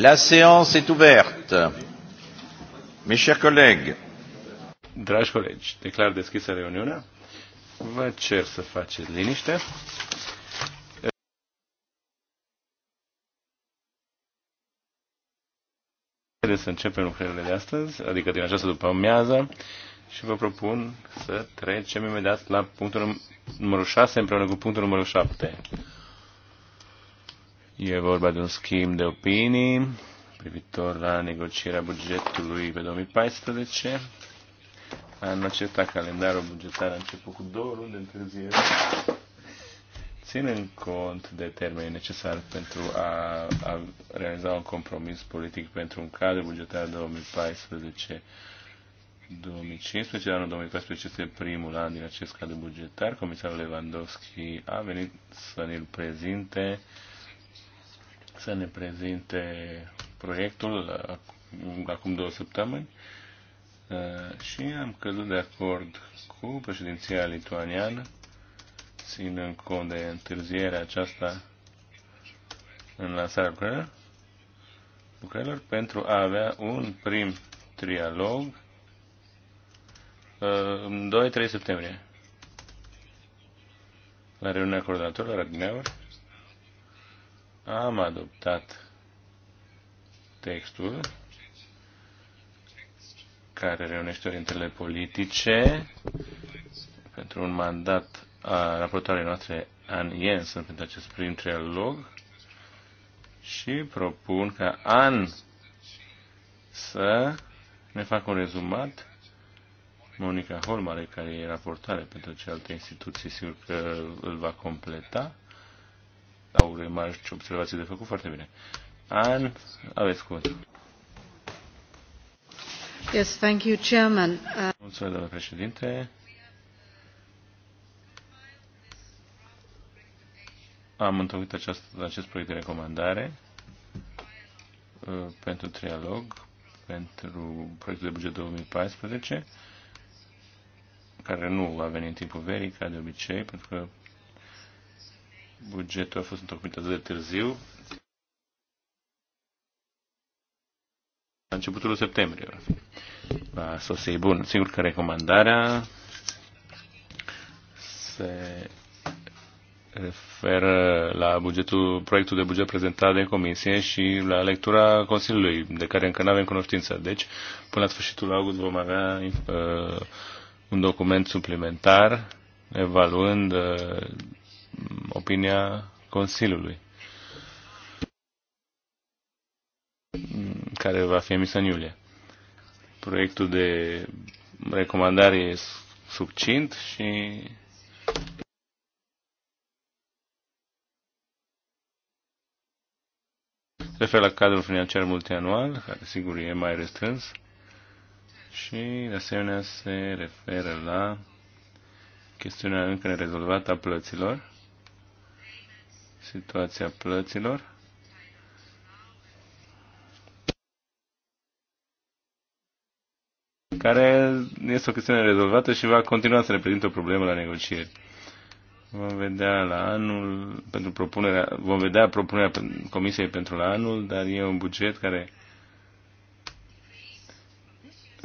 La séance est ouverte. Mes chers collègues. Dragi colegi, declar deschisă reuniunea. Vă cer să faceți liniște. Haideți să începem lucrările de astăzi, adică din această după amiază, și vă propun să trecem imediat la punctul numărul 6 împreună cu punctul numărul 7. E vorba de un schimb de opinii privitor la negocierea bugetului pe 2014. Anul acesta calendarul bugetar a început cu două luni de întârziere, ținând cont de termenii necesari pentru a, a realiza un compromis politic pentru un cadru bugetar 2014 2015, anul 2014 este primul an din acest cadru bugetar. Comisarul Lewandowski a venit să ne-l prezinte uh, să ne prezinte proiectul uh, acum două săptămâni uh, și am căzut de acord cu președinția lituaniană, ținând cont de întârzierea aceasta în lansarea lucrărilor, lucrărilor pentru a avea un prim trialog uh, în 2-3 septembrie la reuniunea coordonatorilor la Dineauri am adoptat textul care reunește orientele politice pentru un mandat a raportoarei noastre an Jensen pentru acest prim trialog și propun ca an să ne facă un rezumat Monica Holmare, care e raportare pentru celelalte instituții, sigur că îl va completa au remarci observații de făcut foarte bine. An, aveți cuvânt. Yes, thank you, Chairman. Uh... Mulțumesc, doamnă președinte. Am întocmit acest, acest proiect de recomandare uh, pentru trialog, pentru proiectul de buget 2014, care nu va veni în timpul verii, ca de obicei, pentru că Bugetul a fost întocmit atât de târziu. La începutul septembrie va fi. Da, bun, sigur că recomandarea se referă la bugetul, proiectul de buget prezentat de comisie și la lectura Consiliului, de care încă nu avem cunoștință. Deci, până la sfârșitul august vom avea uh, un document suplimentar evaluând uh, opinia Consiliului, care va fi emisă în iulie. Proiectul de recomandare e subcint și refer la cadrul financiar multianual, care sigur e mai restrâns, și de asemenea se referă la chestiunea încă nerezolvată a plăților situația plăților. care este o chestiune rezolvată și va continua să reprezintă o problemă la negocieri. Vom vedea la anul, pentru propunerea, vom vedea propunerea Comisiei pentru la anul, dar e un buget care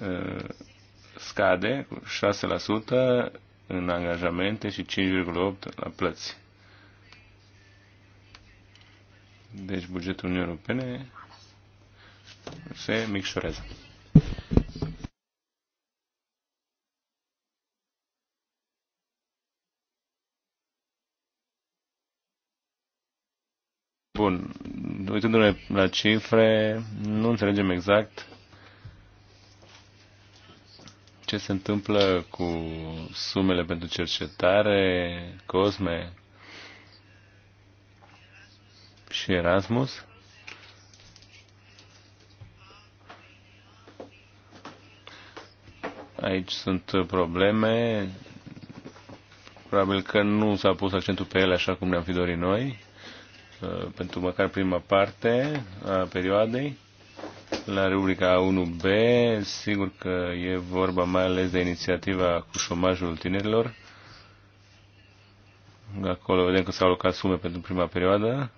uh, scade cu 6% în angajamente și 5,8% la plăți. Deci bugetul Uniunii Europene se micșorează. Bun, uitându-ne la cifre, nu înțelegem exact ce se întâmplă cu sumele pentru cercetare, COSME, și Erasmus. Aici sunt probleme. Probabil că nu s-a pus accentul pe ele așa cum ne-am fi dorit noi, uh, pentru măcar prima parte a perioadei. La rubrica 1B, sigur că e vorba mai ales de inițiativa cu șomajul tinerilor. Acolo vedem că s-au alocat sume pentru prima perioadă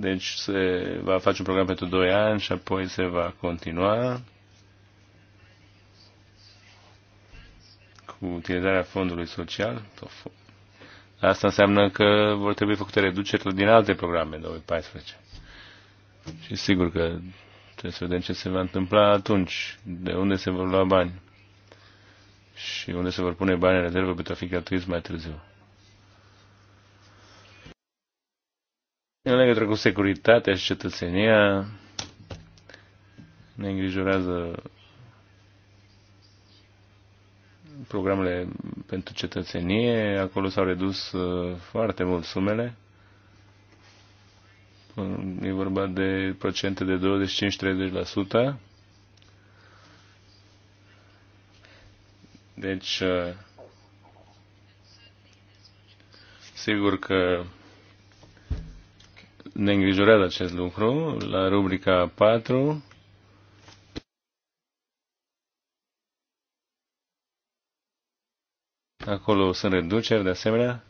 Deci se va face un program pentru 2 ani și apoi se va continua cu utilizarea fondului social. Asta înseamnă că vor trebui făcute reduceri din alte programe în 2014. Și sigur că trebuie să vedem ce se va întâmpla atunci, de unde se vor lua bani și unde se vor pune bani în rezervă pentru a fi gratuiți mai târziu. În legătură cu securitatea și cetățenia, ne îngrijorează programele pentru cetățenie. Acolo s-au redus uh, foarte mult sumele. E vorba de procente de 25-30%. Deci, uh, sigur că ne îngrijorează acest lucru. La rubrica 4 Acolo sunt reduceri, de asemenea,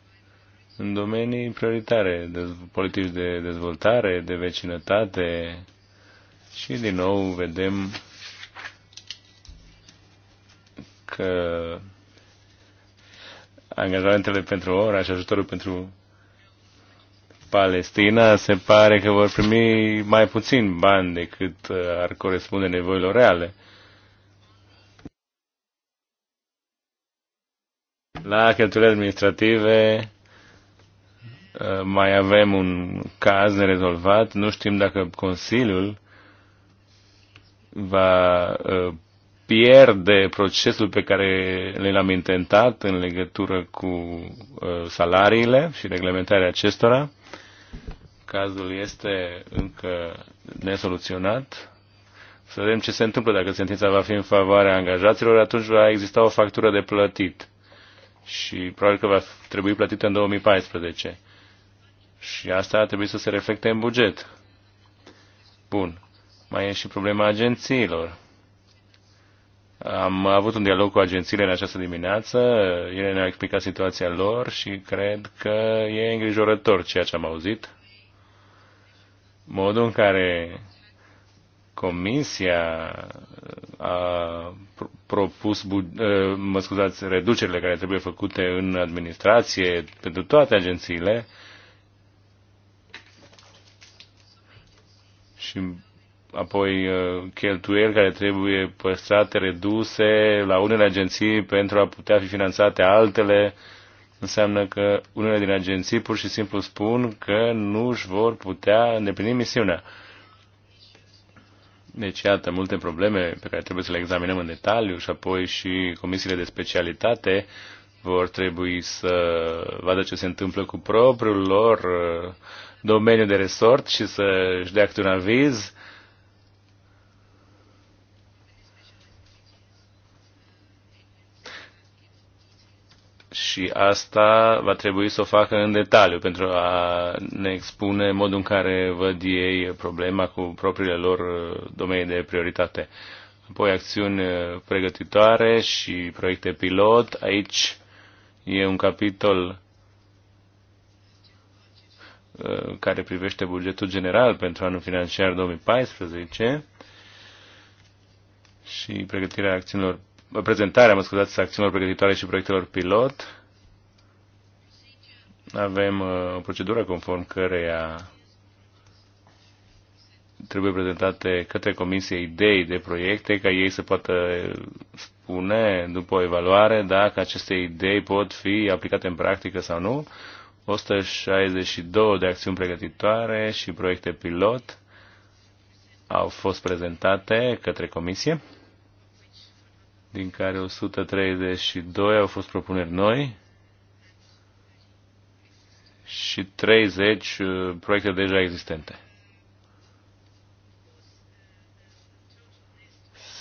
în domenii prioritare, de, politici de dezvoltare, de vecinătate și, din nou, vedem că angajamentele pentru ora și ajutorul pentru Palestina se pare că vor primi mai puțin bani decât uh, ar corespunde nevoilor reale. La cheltuielile administrative uh, mai avem un caz nerezolvat. Nu știm dacă Consiliul va uh, pierde procesul pe care l-am intentat în legătură cu salariile și reglementarea acestora. Cazul este încă nesoluționat. Să vedem ce se întâmplă dacă sentința va fi în favoarea angajaților, atunci va exista o factură de plătit și probabil că va trebui plătită în 2014. Și asta ar trebui să se reflecte în buget. Bun. Mai e și problema agențiilor. Am avut un dialog cu agențiile în această dimineață, ele ne-au explicat situația lor și cred că e îngrijorător ceea ce am auzit modul în care Comisia a propus, eh, mă scuzați, reducerile care trebuie făcute în administrație pentru toate agențiile și apoi eh, cheltuieli care trebuie păstrate, reduse la unele agenții pentru a putea fi finanțate altele înseamnă că unele din agenții pur și simplu spun că nu își vor putea îndeplini misiunea. Deci, iată, multe probleme pe care trebuie să le examinăm în detaliu și apoi și comisiile de specialitate vor trebui să vadă ce se întâmplă cu propriul lor uh, domeniu de resort și să-și dea câte un aviz și asta va trebui să o facă în detaliu pentru a ne expune modul în care văd ei problema cu propriile lor uh, domenii de prioritate. Apoi acțiuni uh, pregătitoare și proiecte pilot. Aici e un capitol uh, care privește bugetul general pentru anul financiar 2014 și pregătirea acțiunilor prezentarea, mă scuzați, acțiunilor pregătitoare și proiectelor pilot avem uh, o procedură conform căreia trebuie prezentate către comisie idei de proiecte ca ei să poată spune după o evaluare dacă aceste idei pot fi aplicate în practică sau nu. 162 de acțiuni pregătitoare și proiecte pilot au fost prezentate către comisie, din care 132 au fost propuneri noi și 30 uh, proiecte deja existente.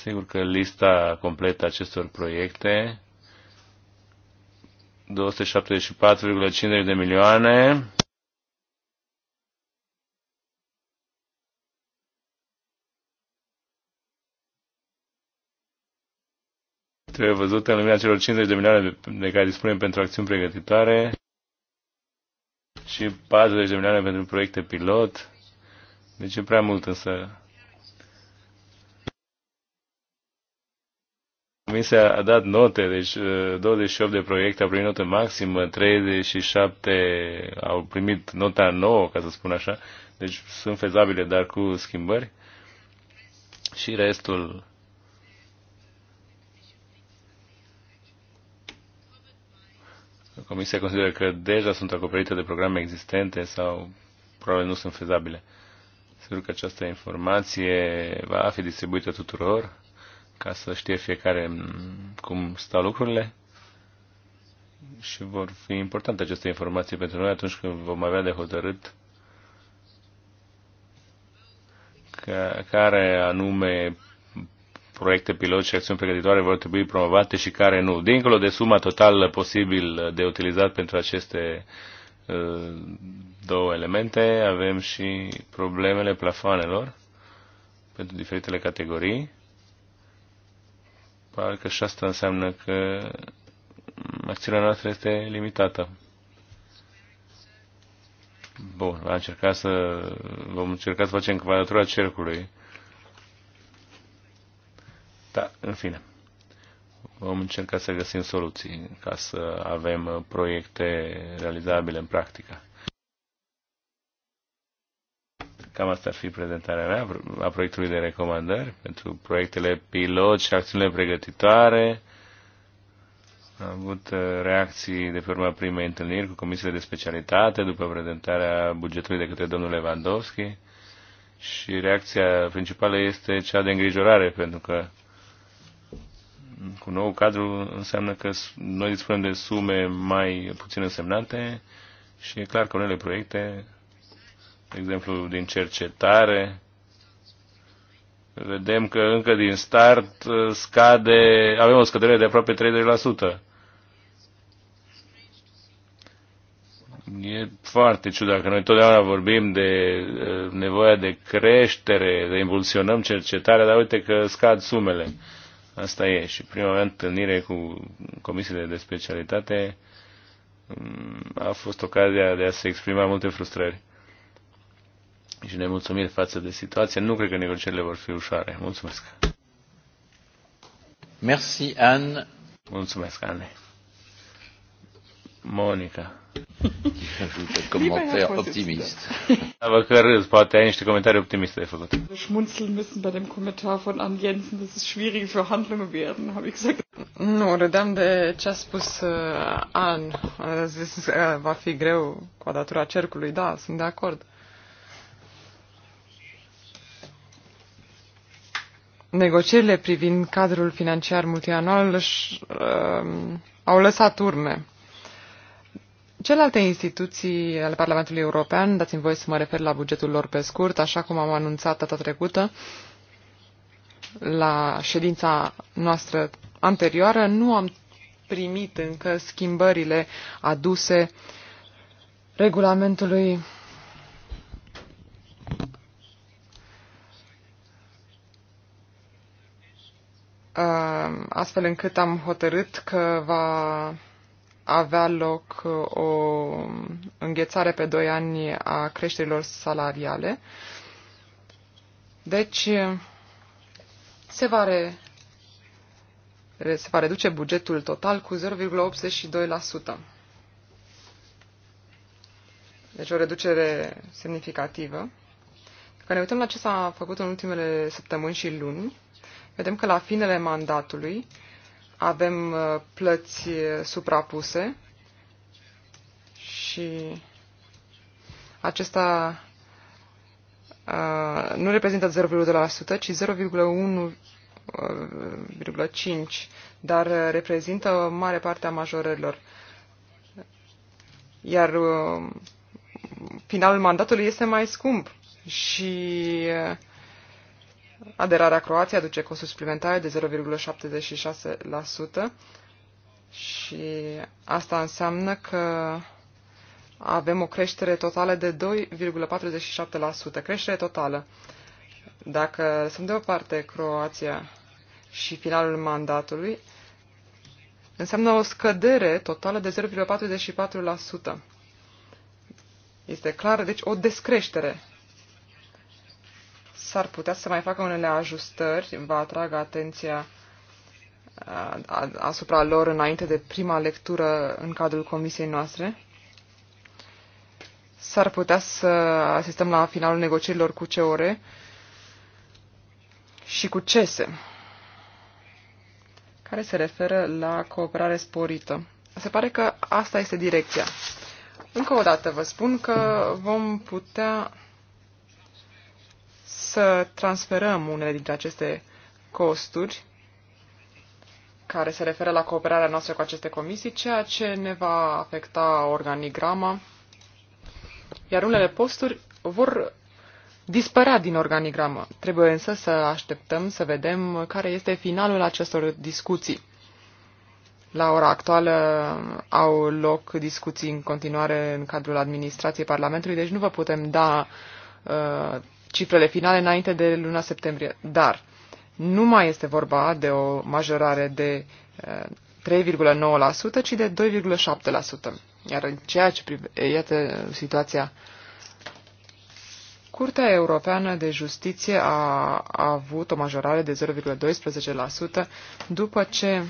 Sigur că lista completă acestor proiecte 274,5 de milioane trebuie văzută în lumina celor 50 de milioane de care dispunem pentru acțiuni pregătitoare și 40 de milioane pentru proiecte pilot. Deci e prea mult, însă Comisia a dat note, deci 28 uh, de proiecte au primit notă maximă, 37 au primit nota nouă, ca să spun așa, deci sunt fezabile, dar cu schimbări. Și restul Comisia consideră că deja sunt acoperite de programe existente sau probabil nu sunt fezabile. Sigur că această informație va fi distribuită tuturor ca să știe fiecare mm, cum stau lucrurile și vor fi importante aceste informații pentru noi atunci când vom avea de hotărât care anume proiecte pilot și acțiuni pregătitoare vor trebui promovate și care nu, dincolo de suma totală posibil de utilizat pentru aceste uh, două elemente, avem și problemele plafoanelor pentru diferitele categorii. Parcă și asta înseamnă că acțiunea noastră este limitată. Bun, am încercat să, vom încerca să facem cvadratura cercului da, în fine, vom încerca să găsim soluții ca să avem proiecte realizabile în practică. Cam asta ar fi prezentarea mea a proiectului de recomandări pentru proiectele pilot și acțiunile pregătitoare. Am avut uh, reacții de pe urma primei întâlniri cu comisiile de specialitate după prezentarea bugetului de către domnul Lewandowski și reacția principală este cea de îngrijorare, pentru că cu nou cadru înseamnă că noi dispunem de sume mai puțin însemnate și e clar că unele proiecte, de exemplu din cercetare, vedem că încă din start uh, scade, avem o scădere de aproape 30%. E foarte ciudat că noi totdeauna vorbim de uh, nevoia de creștere, de impulsionăm cercetarea, dar uite că scad sumele. Asta e. Și prima întâlnire cu comisiile de specialitate mm, a fost ocazia de a se exprima multe frustrări și nemulțumiri față de situație. Nu cred că negocierile vor fi ușoare. Mulțumesc! Merci, Anne! Mulțumesc, Anne! Monica. Ajută comentarii optimist. Da, vă că râs, poate ai niște comentarii optimiste de făcut. Schmunzeln müssen bei dem Kommentar von Ann Jensen, dass es schwierig für Handlungen werden, habe ich gesagt. Nu, râdeam de ce a spus uh, An. A zis că uh, va fi greu cu adatura cercului, da, sunt de acord. Negocierile privind cadrul financiar multianual își, uh, au lăsat urme Celelalte instituții ale Parlamentului European, dați-mi voie să mă refer la bugetul lor pe scurt, așa cum am anunțat data trecută, la ședința noastră anterioară, nu am primit încă schimbările aduse regulamentului ă, astfel încât am hotărât că va avea loc uh, o înghețare pe doi ani a creșterilor salariale. Deci, se va, re, se va reduce bugetul total cu 0,82%. Deci o reducere semnificativă. Dacă ne uităm la ce s-a făcut în ultimele săptămâni și luni, vedem că la finele mandatului, avem uh, plăți uh, suprapuse și acesta uh, nu reprezintă 0,2%, ci 0,1,5%, dar reprezintă o mare parte a majorărilor. Iar finalul mandatului este mai scump și uh, Aderarea Croației aduce costuri suplimentare de 0,76% și asta înseamnă că avem o creștere totală de 2,47%, creștere totală. Dacă lăsăm deoparte Croația și finalul mandatului, înseamnă o scădere totală de 0,44%. Este clar, deci, o descreștere s-ar putea să mai facă unele ajustări, va atrag atenția asupra lor înainte de prima lectură în cadrul comisiei noastre. S-ar putea să asistăm la finalul negocierilor cu ce ore și cu CESE, care se referă la cooperare sporită. Se pare că asta este direcția. Încă o dată vă spun că vom putea să transferăm unele dintre aceste costuri care se referă la cooperarea noastră cu aceste comisii, ceea ce ne va afecta organigrama, iar unele posturi vor dispărea din organigramă. Trebuie însă să așteptăm să vedem care este finalul acestor discuții. La ora actuală au loc discuții în continuare în cadrul administrației Parlamentului, deci nu vă putem da uh, cifrele finale înainte de luna septembrie. Dar nu mai este vorba de o majorare de 3,9%, eh, ci de 2,7%. Iar în ceea ce privește, iată situația, Curtea Europeană de Justiție a, a avut o majorare de 0,12% după ce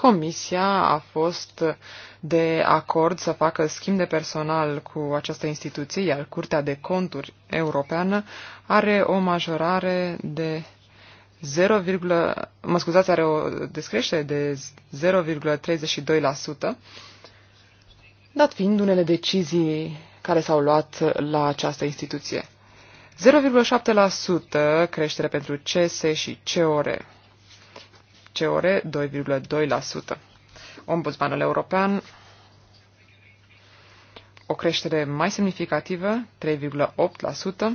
Comisia a fost de acord să facă schimb de personal cu această instituție, iar Curtea de Conturi Europeană are o majorare de 0, mă scuzați, are o descreștere de 0,32%, dat fiind unele decizii care s-au luat la această instituție. 0,7% creștere pentru CS și COR COR 2,2%. Ombudsmanul european o creștere mai semnificativă, 3,8%,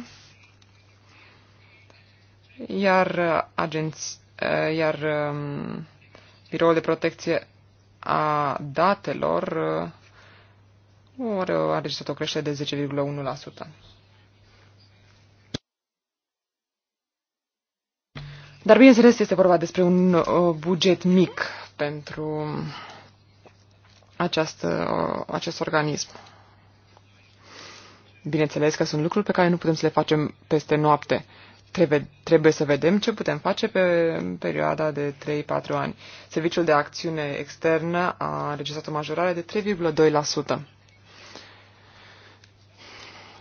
iar, agenți, iar um, Biroul de Protecție a Datelor uh, a o creștere de 10,1%. Dar bineînțeles este vorba despre un uh, buget mic pentru această, uh, acest organism. Bineînțeles că sunt lucruri pe care nu putem să le facem peste noapte. Trebuie, trebuie să vedem ce putem face pe perioada de 3-4 ani. Serviciul de acțiune externă a înregistrat o majorare de 3,2%.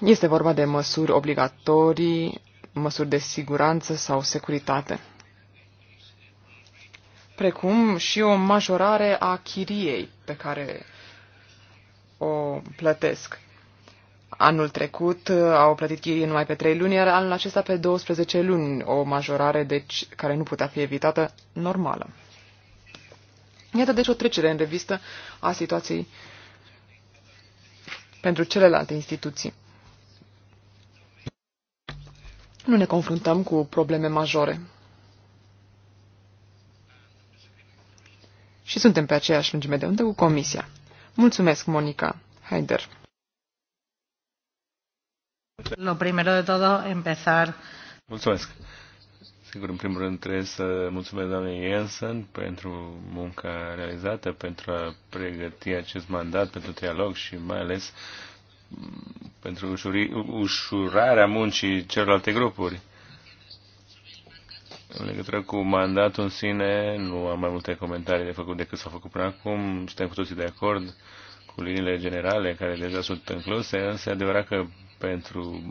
Este vorba de măsuri obligatorii, măsuri de siguranță sau securitate precum și o majorare a chiriei pe care o plătesc. Anul trecut uh, au plătit chirie numai pe 3 luni, iar anul acesta pe 12 luni, o majorare deci, care nu putea fi evitată normală. Iată deci o trecere în revistă a situației pentru celelalte instituții. Nu ne confruntăm cu probleme majore. și suntem pe aceeași lungime de undă cu Comisia. Mulțumesc, Monica Haider. Lo primero de todo, empezar. Mulțumesc. Sigur, în primul rând trebuie să mulțumesc doamnei Jensen pentru munca realizată, pentru a pregăti acest mandat pentru trialog și mai ales mm, pentru ușurarea muncii celorlalte grupuri. În legătură cu mandatul în sine, nu am mai multe comentarii de făcut decât s-au făcut până acum. Suntem cu toții de acord cu liniile generale care deja sunt încluse, însă e adevărat că pentru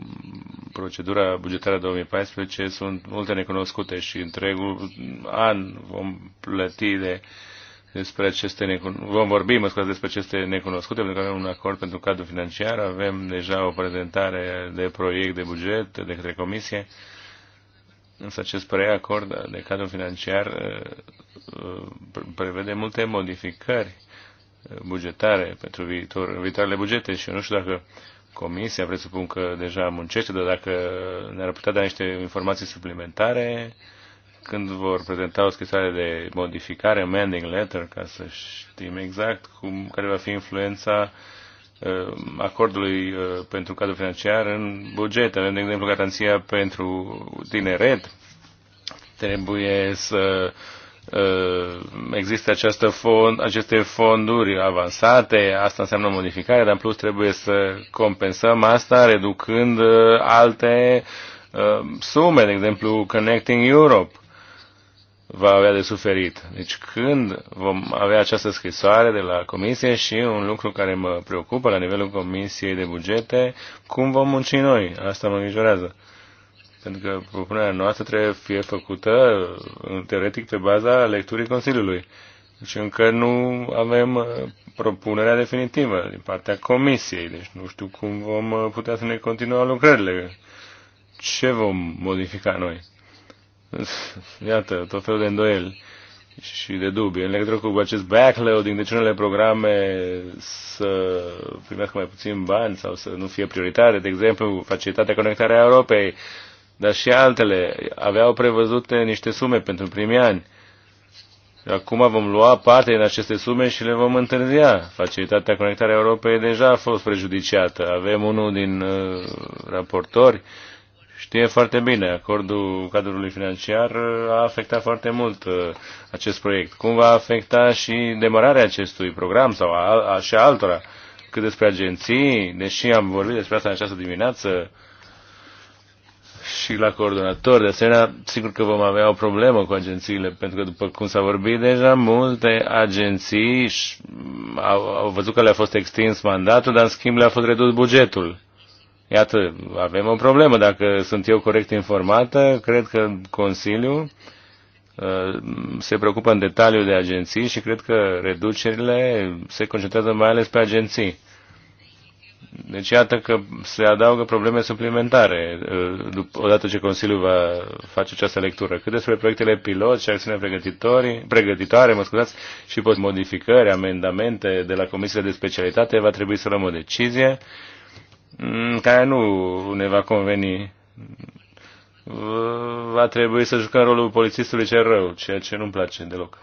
procedura bugetară 2014 sunt multe necunoscute și întregul an vom plăti de despre aceste necunoscute, vom vorbi, mă scuze, despre aceste necunoscute, pentru că avem un acord pentru cadrul financiar, avem deja o prezentare de proiect de buget de către Comisie Însă acest preacord de cadru financiar uh, uh, prevede multe modificări uh, bugetare pentru viitor, viitoarele bugete și eu nu știu dacă comisia, presupun că deja muncește, dar dacă ne-ar putea da niște informații suplimentare când vor prezenta o scrisoare de modificare, amending letter, ca să știm exact cum, care va fi influența uh, Uh, acordului uh, pentru cadrul financiar în buget. de exemplu, garanția pentru tineret. Trebuie să uh, există această fond, aceste fonduri avansate, asta înseamnă modificare, dar în plus trebuie să compensăm asta reducând alte sume, de exemplu Connecting Europe va avea de suferit. Deci când vom avea această scrisoare de la Comisie și un lucru care mă preocupă la nivelul Comisiei de Bugete, cum vom munci noi? Asta mă îngrijorează. Pentru că propunerea noastră trebuie fie făcută, teoretic, pe baza lecturii Consiliului. Deci încă nu avem uh, propunerea definitivă din partea Comisiei. Deci nu știu cum vom uh, putea să ne continuăm lucrările. Ce vom modifica noi? iată, tot felul de îndoieli și de dubii în legătură cu acest backloading, deci unele programe să primească mai puțin bani sau să nu fie prioritare, de exemplu, facilitatea conectarea Europei, dar și altele aveau prevăzute niște sume pentru primii ani. Acum vom lua parte din aceste sume și le vom întârzia. Facilitatea conectarea Europei deja a fost prejudiciată. Avem unul din uh, raportori uh, știe foarte bine, acordul cadrului financiar a afectat foarte mult uh, acest proiect. Cum va afecta și demararea acestui program sau a, a, și a altora? Cât despre agenții, deși am vorbit despre asta în această dimineață și la coordonator, de asemenea, sigur că vom avea o problemă cu agențiile, pentru că după cum s-a vorbit deja, multe agenții au, au văzut că le-a fost extins mandatul, dar în schimb le-a fost redus bugetul Iată, avem o problemă. Dacă sunt eu corect informată, cred că Consiliul uh, se preocupă în detaliu de agenții și cred că reducerile se concentrează mai ales pe agenții. Deci iată că se adaugă probleme suplimentare uh, odată ce Consiliul va face această lectură. Cât despre proiectele pilot și acțiunea pregătitoare, mă scuzați, și pot modificări, amendamente de la Comisia de specialitate, va trebui să luăm o decizie Mm, care nu ne va conveni. Va trebui să jucăm rolul polițistului cel rău, ceea ce nu-mi place deloc.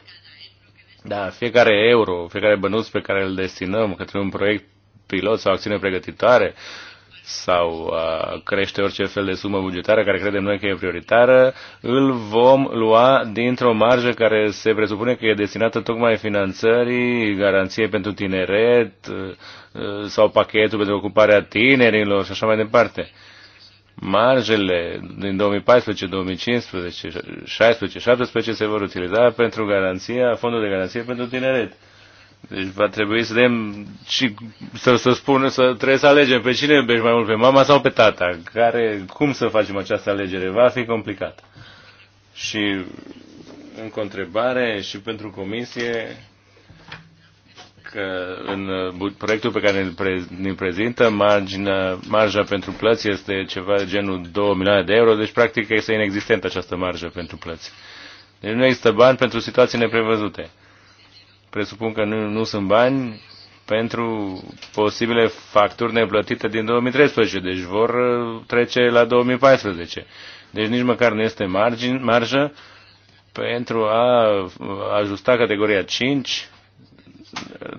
Da, fiecare euro, fiecare bănuț pe care îl destinăm către un proiect pilot sau acțiune pregătitoare sau a crește orice fel de sumă bugetară care credem noi că e prioritară, îl vom lua dintr-o marjă care se presupune că e destinată tocmai finanțării, garanție pentru tineret, Eh, sau pachetul pentru ocuparea tinerilor și așa mai departe. Marjele din 2014, 2015, 2016, 17 se vor utiliza pentru garanția, fondul de garanție pentru tineret. Deci va trebui să dăm și să, să spună, să trebuie să alegem pe cine iubești mai mult, pe mama sau pe tata, care, cum să facem această alegere, va fi complicat. Și încă o întrebare și pentru comisie, că în uh, proiectul pe care ne prezintă, marginea, marja pentru plăți este ceva de genul 2 milioane de euro, deci practic este inexistentă această marjă pentru plăți. Deci nu există bani pentru situații neprevăzute. Presupun că nu, nu sunt bani pentru posibile facturi neplătite din 2013, deci vor uh, trece la 2014. Deci nici măcar nu este margin, marjă pentru a ajusta categoria 5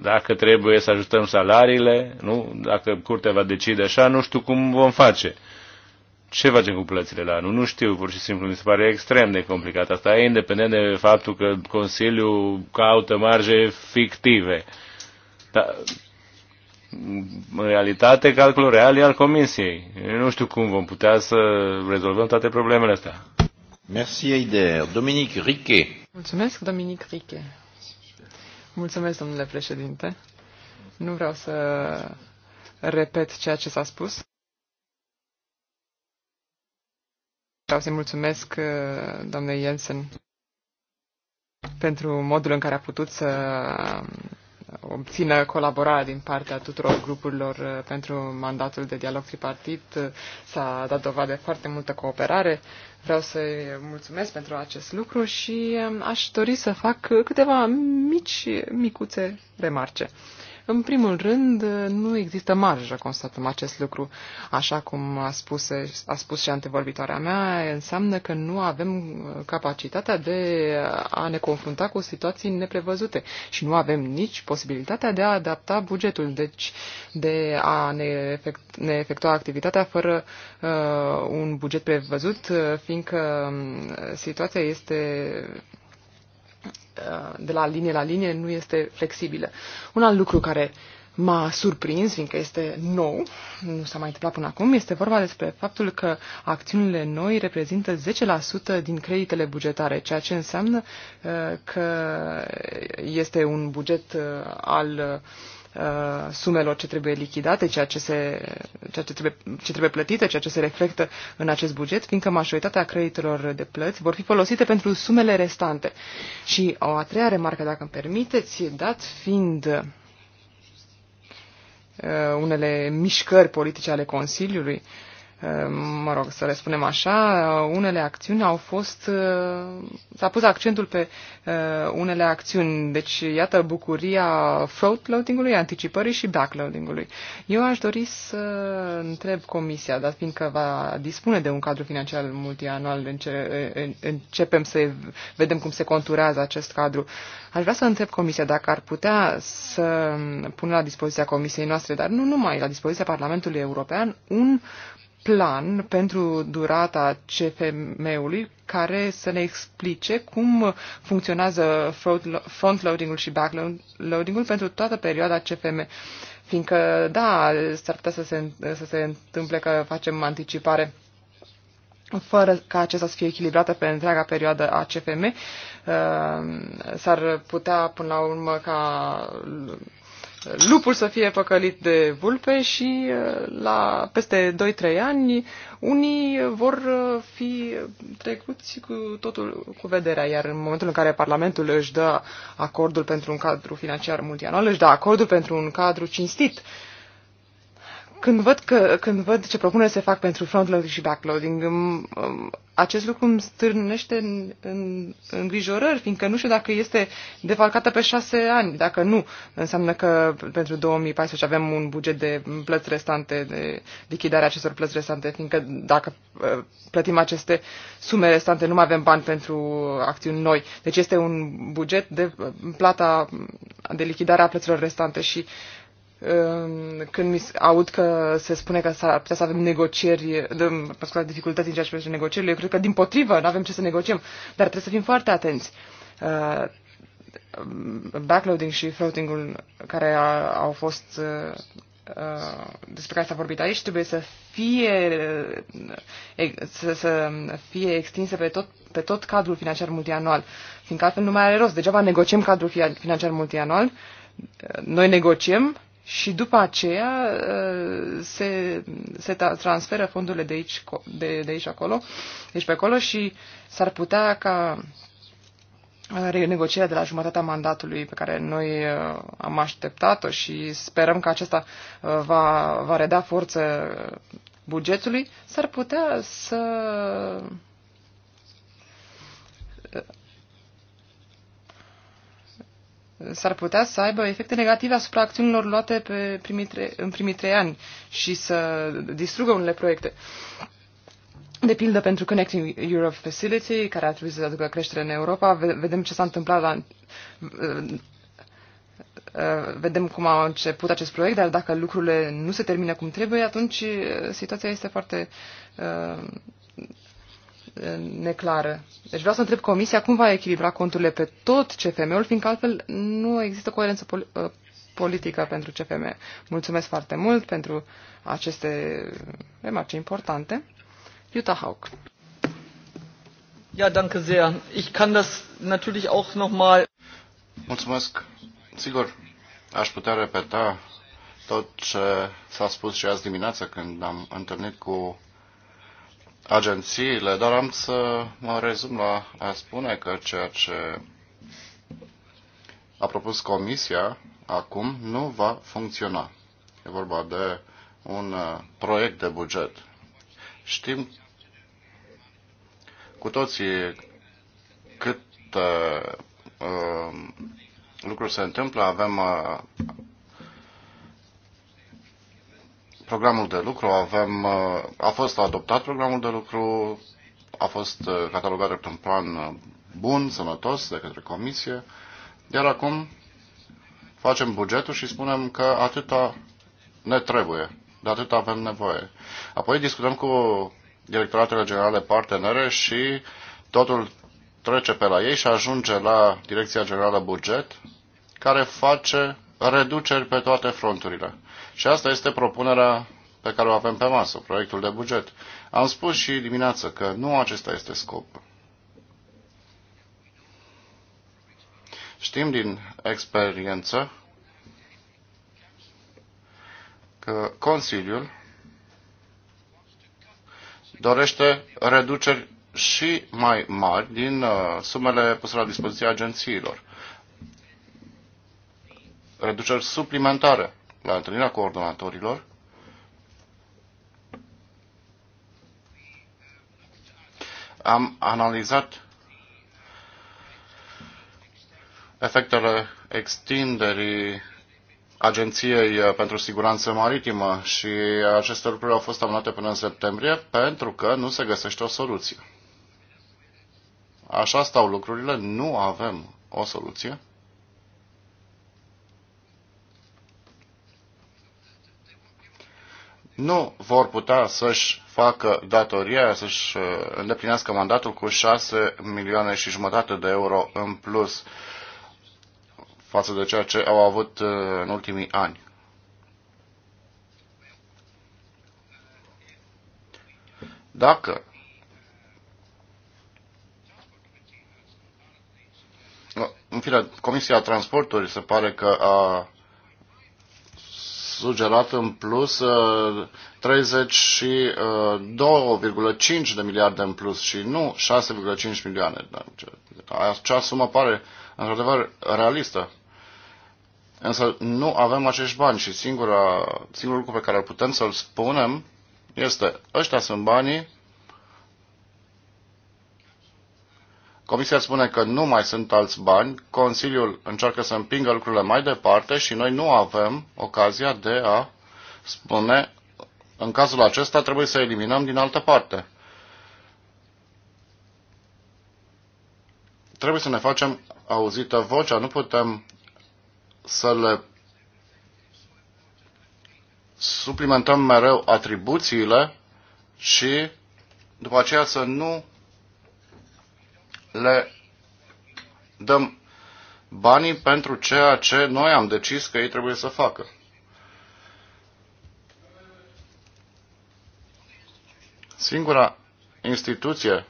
dacă trebuie să ajustăm salariile, nu? dacă curtea va decide așa, nu știu cum vom face. Ce facem cu plățile la anul? Nu știu, pur și simplu mi se pare extrem de complicat. Asta e independent de faptul că Consiliul caută marje fictive. Dar, în realitate, calculul real e al Comisiei. Eu nu știu cum vom putea să rezolvăm toate problemele astea. Merci, Eider. Dominic Riche. Mulțumesc, Dominic Riche. Mulțumesc, domnule președinte. Nu vreau să repet ceea ce s-a spus. Vreau să-i mulțumesc uh, doamnei Jensen pentru modul în care a putut să um, obțină colaborarea din partea tuturor grupurilor uh, pentru mandatul de dialog tripartit. Uh, s-a dat dovadă foarte multă cooperare. Vreau să-i mulțumesc pentru acest lucru și um, aș dori să fac câteva mici, micuțe remarce. În primul rând, nu există marjă, constatăm acest lucru. Așa cum a spus, a spus și antevorbitoarea mea, înseamnă că nu avem capacitatea de a ne confrunta cu situații neprevăzute și nu avem nici posibilitatea de a adapta bugetul, deci de a ne, efect, ne efectua activitatea fără uh, un buget prevăzut, fiindcă um, situația este Uh, de la linie la linie nu este flexibilă. Un alt lucru care m-a surprins, fiindcă este nou, nu s-a mai întâmplat până acum, este vorba despre faptul că acțiunile noi reprezintă 10% din creditele bugetare, ceea ce înseamnă uh, că este un buget uh, al Uh, sumelor ce trebuie lichidate, ceea ce, se, ceea ce, trebuie, ce trebuie plătite, ceea ce se reflectă în acest buget, fiindcă majoritatea creditelor de plăți vor fi folosite pentru sumele restante. Și o a treia remarcă, dacă îmi permiteți, dat fiind uh, unele mișcări politice ale Consiliului, uh, mă rog, să le spunem așa, unele acțiuni au fost, uh, s-a pus accentul pe uh, unele acțiuni. Deci, iată, bucuria front-loading-ului, anticipării și backloading-ului. Eu aș dori să întreb Comisia, dar fiindcă va dispune de un cadru financiar multianual, începem să vedem cum se conturează acest cadru. Aș vrea să întreb Comisia dacă ar putea să pună la dispoziția Comisiei noastre, dar nu numai, la dispoziția Parlamentului European, un plan pentru durata CFM-ului care să ne explice cum funcționează front-loading-ul și back-loading-ul pentru toată perioada CFM. Fiindcă, da, s-ar putea să se, să se întâmple că facem anticipare fără ca acesta să fie echilibrată pe întreaga perioadă a CFM, uh, s-ar putea până la urmă ca lupul să fie păcălit de vulpe și uh, la peste 2-3 ani unii vor uh, fi trecuți cu totul cu vederea, iar în momentul în care Parlamentul își dă acordul pentru un cadru financiar multianual, își dă acordul pentru un cadru cinstit când văd, că, când văd ce propuneri se fac pentru frontloading și backloading, acest lucru îmi stârnește în, în, îngrijorări, fiindcă nu știu dacă este defalcată pe șase ani. Dacă nu, înseamnă că pentru 2014 avem un buget de plăți restante, de lichidarea acestor plăți restante, fiindcă dacă ă, plătim aceste sume restante, nu mai avem bani pentru acțiuni noi. Deci este un buget de plata, de lichidarea plăților restante și uh, Ehm, când mi aud că se spune că s-ar putea să avem negocieri, scuza, dificultăți în ceea ce privește negocierile, eu cred că din potrivă nu avem ce să negociem, dar trebuie să fim foarte atenți. Ehm, backloading și floating-ul care au fost despre care s-a vorbit aici trebuie să fie, să, să fie extinse pe tot, pe tot cadrul financiar multianual, fiindcă altfel nu mai are rost. Degeaba negociem cadrul financiar multianual, noi negociem și după aceea uh, se, se transferă fondurile de aici, de, de aici acolo, deci pe acolo și s-ar putea ca uh, renegocierea de la jumătatea mandatului pe care noi uh, am așteptat-o și sperăm că acesta va, va reda forță bugetului, s-ar putea să s-ar putea să aibă efecte negative asupra acțiunilor luate pe primii tre- în primii trei ani și să distrugă unele proiecte. De pildă pentru Connecting Europe Facility, care ar trebui să aducă creștere în Europa, vedem ce s-a întâmplat la uh, vedem cum a început acest proiect, dar dacă lucrurile nu se termină cum trebuie, atunci uh, situația este foarte uh, neclară. Deci vreau să întreb Comisia cum va echilibra conturile pe tot CFM-ul, fiindcă altfel nu există coerență pol- uh, politică pentru CFM. Mulțumesc foarte mult pentru aceste remarce importante. Jutta Haug. Ja, danke sehr. Ich kann das natürlich auch nochmal. Mulțumesc. Sigur, aș putea repeta tot ce s-a spus și azi dimineață când am întâlnit cu agențiile, dar am să mă rezum la a spune că ceea ce a propus Comisia acum nu va funcționa. E vorba de un uh, proiect de buget. Știm cu toții cât uh, uh lucruri se întâmplă, avem uh, programul de lucru avem, uh, a fost adoptat programul de lucru, a fost uh, catalogat drept un plan uh, bun, sănătos de către comisie, iar acum facem bugetul și spunem că atâta ne trebuie, de atâta avem nevoie. Apoi discutăm cu directoratele generale partenere și totul trece pe la ei și ajunge la Direcția Generală Buget, care face reduceri pe toate fronturile. Și asta este propunerea pe care o avem pe masă, proiectul de buget. Am spus și dimineață că nu acesta este scopul. Știm din experiență că Consiliul dorește reduceri și mai mari din uh, sumele puse la dispoziție agențiilor. Reduceri suplimentare la întâlnirea coordonatorilor, am analizat efectele extinderii Agenției pentru Siguranță Maritimă și aceste lucruri au fost amânate până în septembrie pentru că nu se găsește o soluție. Așa stau lucrurile, nu avem o soluție. nu vor putea să-și facă datoria, să-și uh, îndeplinească mandatul cu 6 milioane și jumătate de euro în plus față de ceea ce au avut uh, în ultimii ani. Dacă în fine, Comisia Transporturilor se pare că a sugerat în plus 32,5 uh, uh, de miliarde în plus și nu 6,5 milioane. Acea sumă pare într-adevăr realistă. Însă nu avem acești bani și singura, singurul lucru pe care îl putem să-l spunem este ăștia sunt banii Comisia spune că nu mai sunt alți bani, Consiliul încearcă să împingă lucrurile mai departe și noi nu avem ocazia de a spune în cazul acesta trebuie să eliminăm din altă parte. Trebuie să ne facem auzită vocea, nu putem să le suplimentăm mereu atribuțiile și după aceea să nu le dăm banii pentru ceea ce noi am decis că ei trebuie să facă. Singura instituție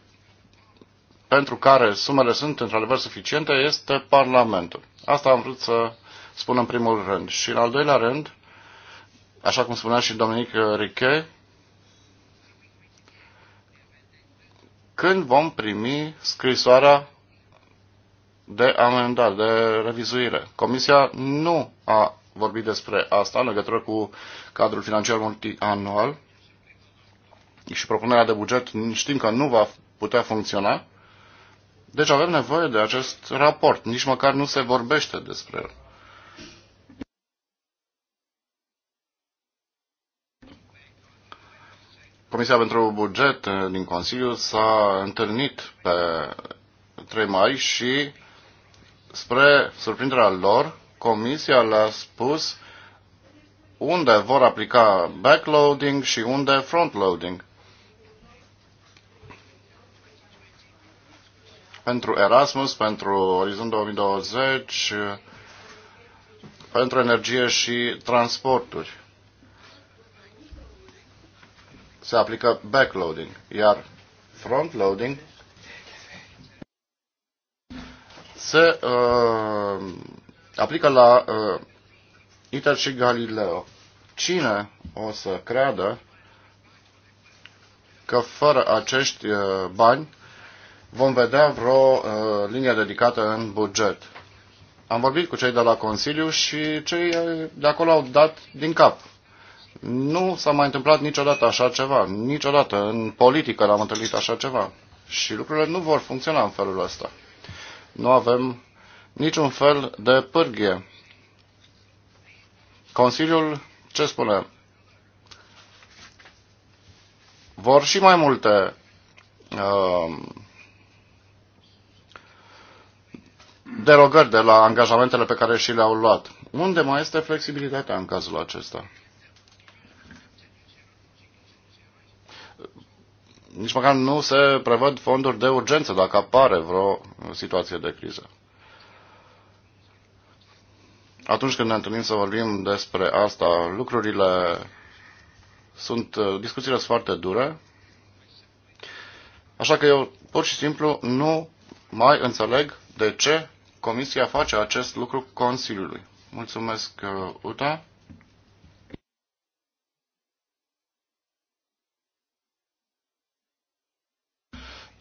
pentru care sumele sunt într-adevăr suficiente este Parlamentul. Asta am vrut să spun în primul rând. Și în al doilea rând, așa cum spunea și Dominic Riquet, când vom primi scrisoarea de amendare, de revizuire. Comisia nu a vorbit despre asta în legătură cu cadrul financiar multianual și propunerea de buget știm că nu va putea funcționa. Deci avem nevoie de acest raport. Nici măcar nu se vorbește despre el. Comisia pentru Buget eh, din Consiliu s-a întâlnit pe 3 mai și, spre surprinderea lor, Comisia le-a spus unde vor aplica backloading și unde frontloading. Pentru Erasmus, pentru Orizont 2020, pentru energie și transporturi se aplică backloading, iar frontloading se uh, aplică la uh, ITER și Galileo. Cine o să creadă că fără acești uh, bani vom vedea vreo uh, linie dedicată în buget? Am vorbit cu cei de la Consiliu și cei uh, de acolo au dat din cap. Nu s-a mai întâmplat niciodată așa ceva. Niciodată. În politică l-am întâlnit așa ceva. Și lucrurile nu vor funcționa în felul ăsta. Nu avem niciun fel de pârghie. Consiliul ce spune? Vor și mai multe uh, derogări de la angajamentele pe care și le-au luat. Unde mai este flexibilitatea în cazul acesta? nici măcar nu se prevăd fonduri de urgență dacă apare vreo situație de criză. Atunci când ne întâlnim să vorbim despre asta, lucrurile sunt discuțiile sunt foarte dure, așa că eu pur și simplu nu mai înțeleg de ce Comisia face acest lucru Consiliului. Mulțumesc, uh, Uta.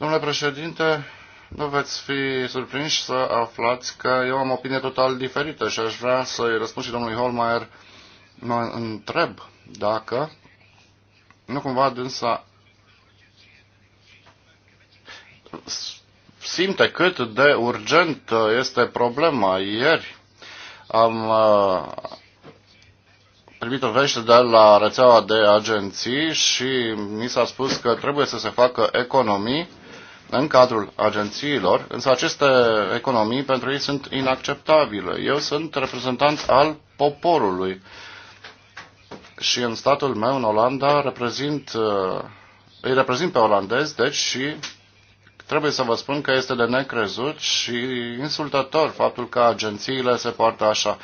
Domnule președinte, nu veți fi surprinși să aflați că eu am opinie total diferită și aș vrea să-i răspund și domnului Holmeier. Mă întreb dacă nu cumva dânsa simte cât de urgent este problema. Ieri am uh, primit o vește de la rețeaua de agenții și mi s-a spus că trebuie să se facă economii în cadrul agențiilor, însă aceste economii pentru ei sunt inacceptabile. Eu sunt reprezentant al poporului și în statul meu, în Olanda, reprezint, uh, îi reprezint pe olandezi, deci și trebuie să vă spun că este de necrezut și insultător faptul că agențiile se poartă așa.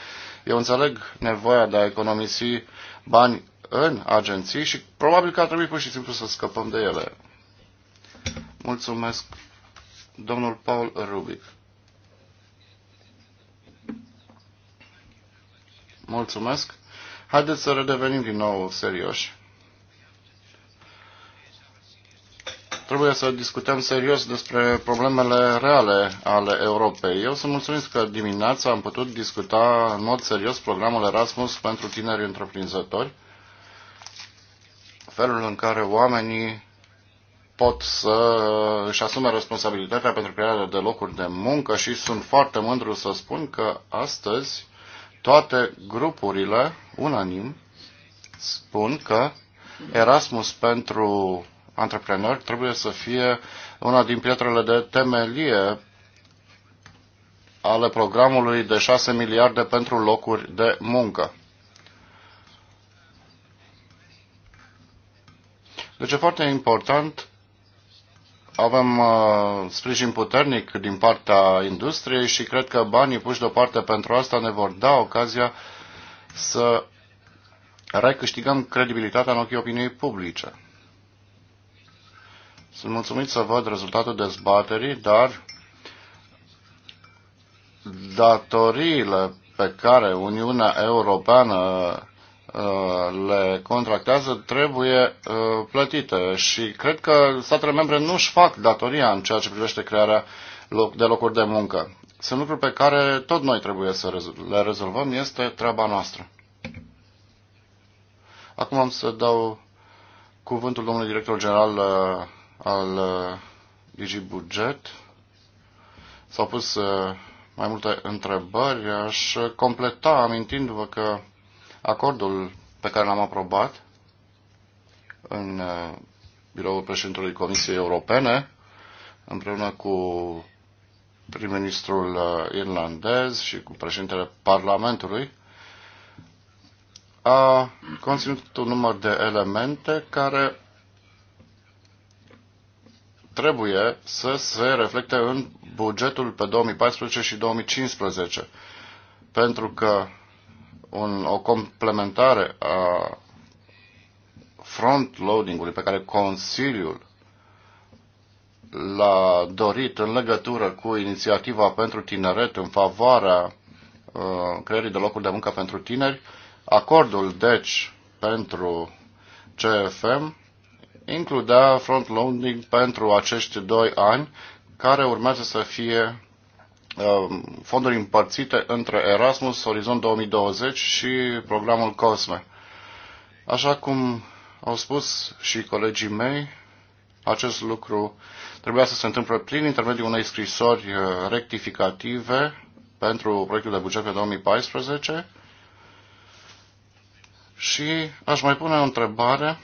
Eu înțeleg nevoia de a economisi bani în agenții și probabil că ar trebui pur și simplu să scăpăm de ele. Mulțumesc, domnul Paul Rubic. Mulțumesc. Haideți să redevenim din nou serioși. Trebuie să discutăm serios despre problemele reale ale Europei. Eu sunt mulțumit că dimineața am putut discuta în mod serios programul Erasmus pentru tineri întreprinzători, felul în care oamenii pot să își asume responsabilitatea pentru crearea de locuri de muncă și sunt foarte mândru să spun că astăzi toate grupurile, unanim, spun că Erasmus pentru antreprenori trebuie să fie una din pietrele de temelie ale programului de 6 miliarde pentru locuri de muncă. Deci e foarte important avem uh, sprijin puternic din partea industriei și cred că banii puși deoparte pentru asta ne vor da ocazia să recâștigăm credibilitatea în ochii opiniei publice. Sunt mulțumit să văd rezultatul dezbaterii, dar datoriile pe care Uniunea Europeană Uh, le contractează trebuie uh, plătite și cred că statele membre nu își fac datoria în ceea ce privește crearea de locuri de muncă. Sunt lucruri pe care tot noi trebuie să le rezolvăm, este treaba noastră. Acum am să dau cuvântul domnului director general uh, al DG Budget. S-au pus mai multe întrebări. Aș completa amintindu-vă că Acordul pe care l-am aprobat în uh, biroul președintelui Comisiei Europene, împreună cu prim-ministrul uh, irlandez și cu președintele Parlamentului, a conținut un număr de elemente care trebuie să se reflecte în bugetul pe 2014 și 2015. Pentru că un, o complementare a front-loading-ului pe care Consiliul l-a dorit în legătură cu inițiativa pentru tineret în favoarea uh, creării de locuri de muncă pentru tineri, acordul, deci, pentru CFM includea front-loading pentru acești doi ani care urmează să fie Um, fonduri împărțite între Erasmus, Orizont 2020 și programul COSME. Așa cum au spus și colegii mei, acest lucru trebuia să se întâmple prin intermediul unei scrisori uh, rectificative pentru proiectul de buget pe 2014 și aș mai pune o întrebare.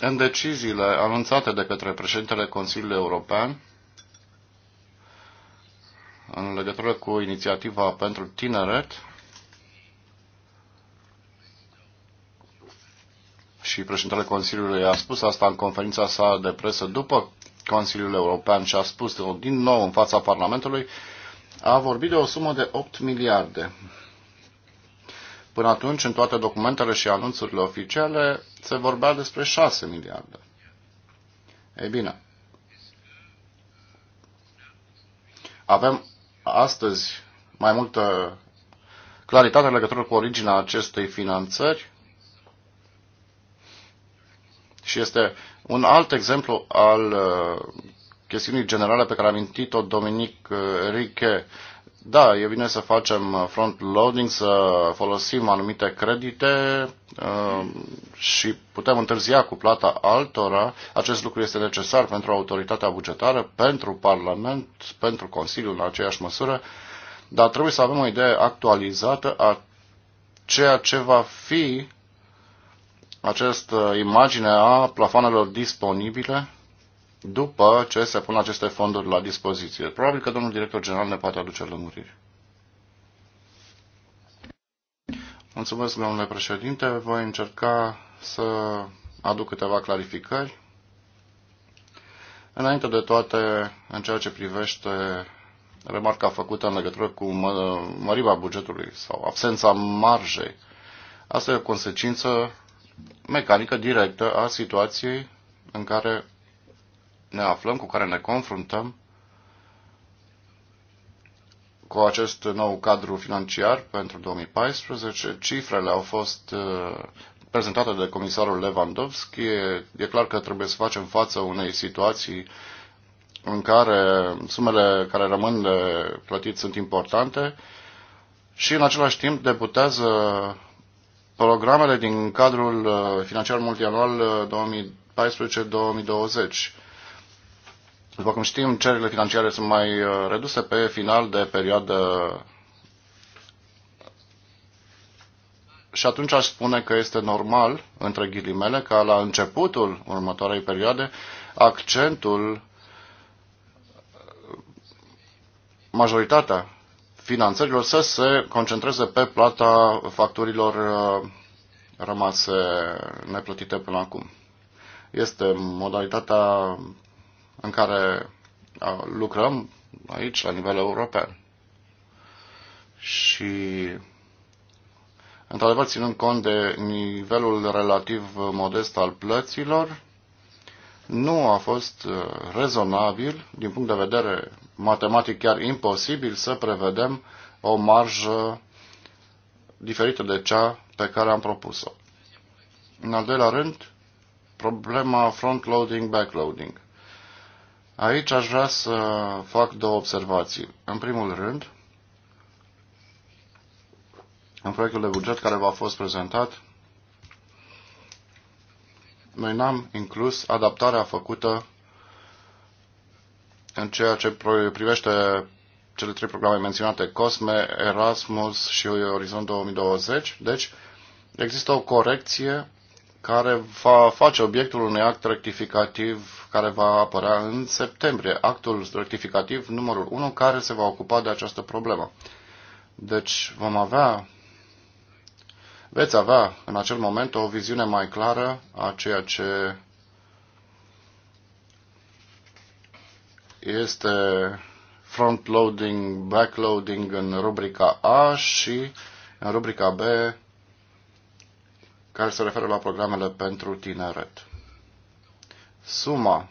În deciziile anunțate de către președintele Consiliului European, în legătură cu inițiativa pentru tineret și președintele Consiliului a spus asta în conferința sa de presă după Consiliul European și a spus din nou în fața Parlamentului, a vorbit de o sumă de 8 miliarde. Până atunci, în toate documentele și anunțurile oficiale, se vorbea despre 6 miliarde. Ei bine, avem astăzi mai multă claritate în legătură cu originea acestei finanțări și este un alt exemplu al uh, chestiunii generale pe care a mintit o Dominic uh, Riche da, e bine să facem uh, front-loading, să folosim anumite credite uh, și putem întârzia cu plata altora. Acest lucru este necesar pentru autoritatea bugetară, pentru Parlament, pentru Consiliu în aceeași măsură, dar trebuie să avem o idee actualizată a ceea ce va fi această imagine a plafoanelor disponibile după ce se pun aceste fonduri la dispoziție. Probabil că domnul director general ne poate aduce lămuriri. Mulțumesc, domnule președinte. Voi încerca să aduc câteva clarificări. Înainte de toate, în ceea ce privește remarca făcută în legătură cu mă, măriba bugetului sau absența marjei, asta e o consecință mecanică directă a situației în care ne aflăm, cu care ne confruntăm cu acest nou cadru financiar pentru 2014. Cifrele au fost uh, prezentate de comisarul Lewandowski. E clar că trebuie să facem față unei situații în care sumele care rămân de plătit sunt importante și în același timp deputează programele din cadrul uh, financiar multianual 2014-2020. Uh, după cum știm, cererile financiare sunt mai uh, reduse pe final de perioadă și atunci aș spune că este normal, între ghilimele, ca la începutul următoarei perioade accentul, majoritatea finanțărilor să se concentreze pe plata facturilor uh, rămase neplătite până acum. Este modalitatea în care lucrăm aici, la nivel european. Și, într-adevăr, ținând cont de nivelul relativ modest al plăților, nu a fost rezonabil, din punct de vedere matematic chiar imposibil, să prevedem o marjă diferită de cea pe care am propus-o. În al doilea rând, problema front-loading, back-loading. Aici aș vrea să fac două observații. În primul rând, în proiectul de buget care v-a fost prezentat, noi n-am inclus adaptarea făcută în ceea ce privește cele trei programe menționate, COSME, Erasmus și Orizont 2020. Deci, există o corecție care va face obiectul unui act rectificativ care va apărea în septembrie, actul rectificativ numărul 1 care se va ocupa de această problemă. Deci vom avea, veți avea în acel moment o viziune mai clară a ceea ce este front-loading, back-loading în rubrica A și în rubrica B care se referă la programele pentru tineret. Suma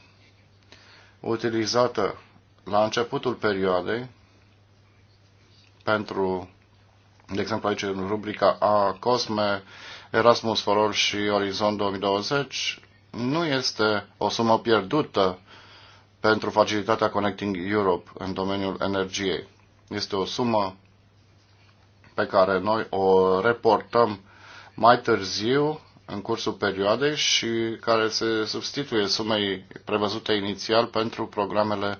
utilizată la începutul perioadei pentru, de exemplu aici în rubrica A, COSME, Erasmus for All și Orizont 2020, nu este o sumă pierdută pentru facilitatea Connecting Europe în domeniul energiei. Este o sumă pe care noi o reportăm mai târziu în cursul perioadei și care se substituie sumei prevăzute inițial pentru programele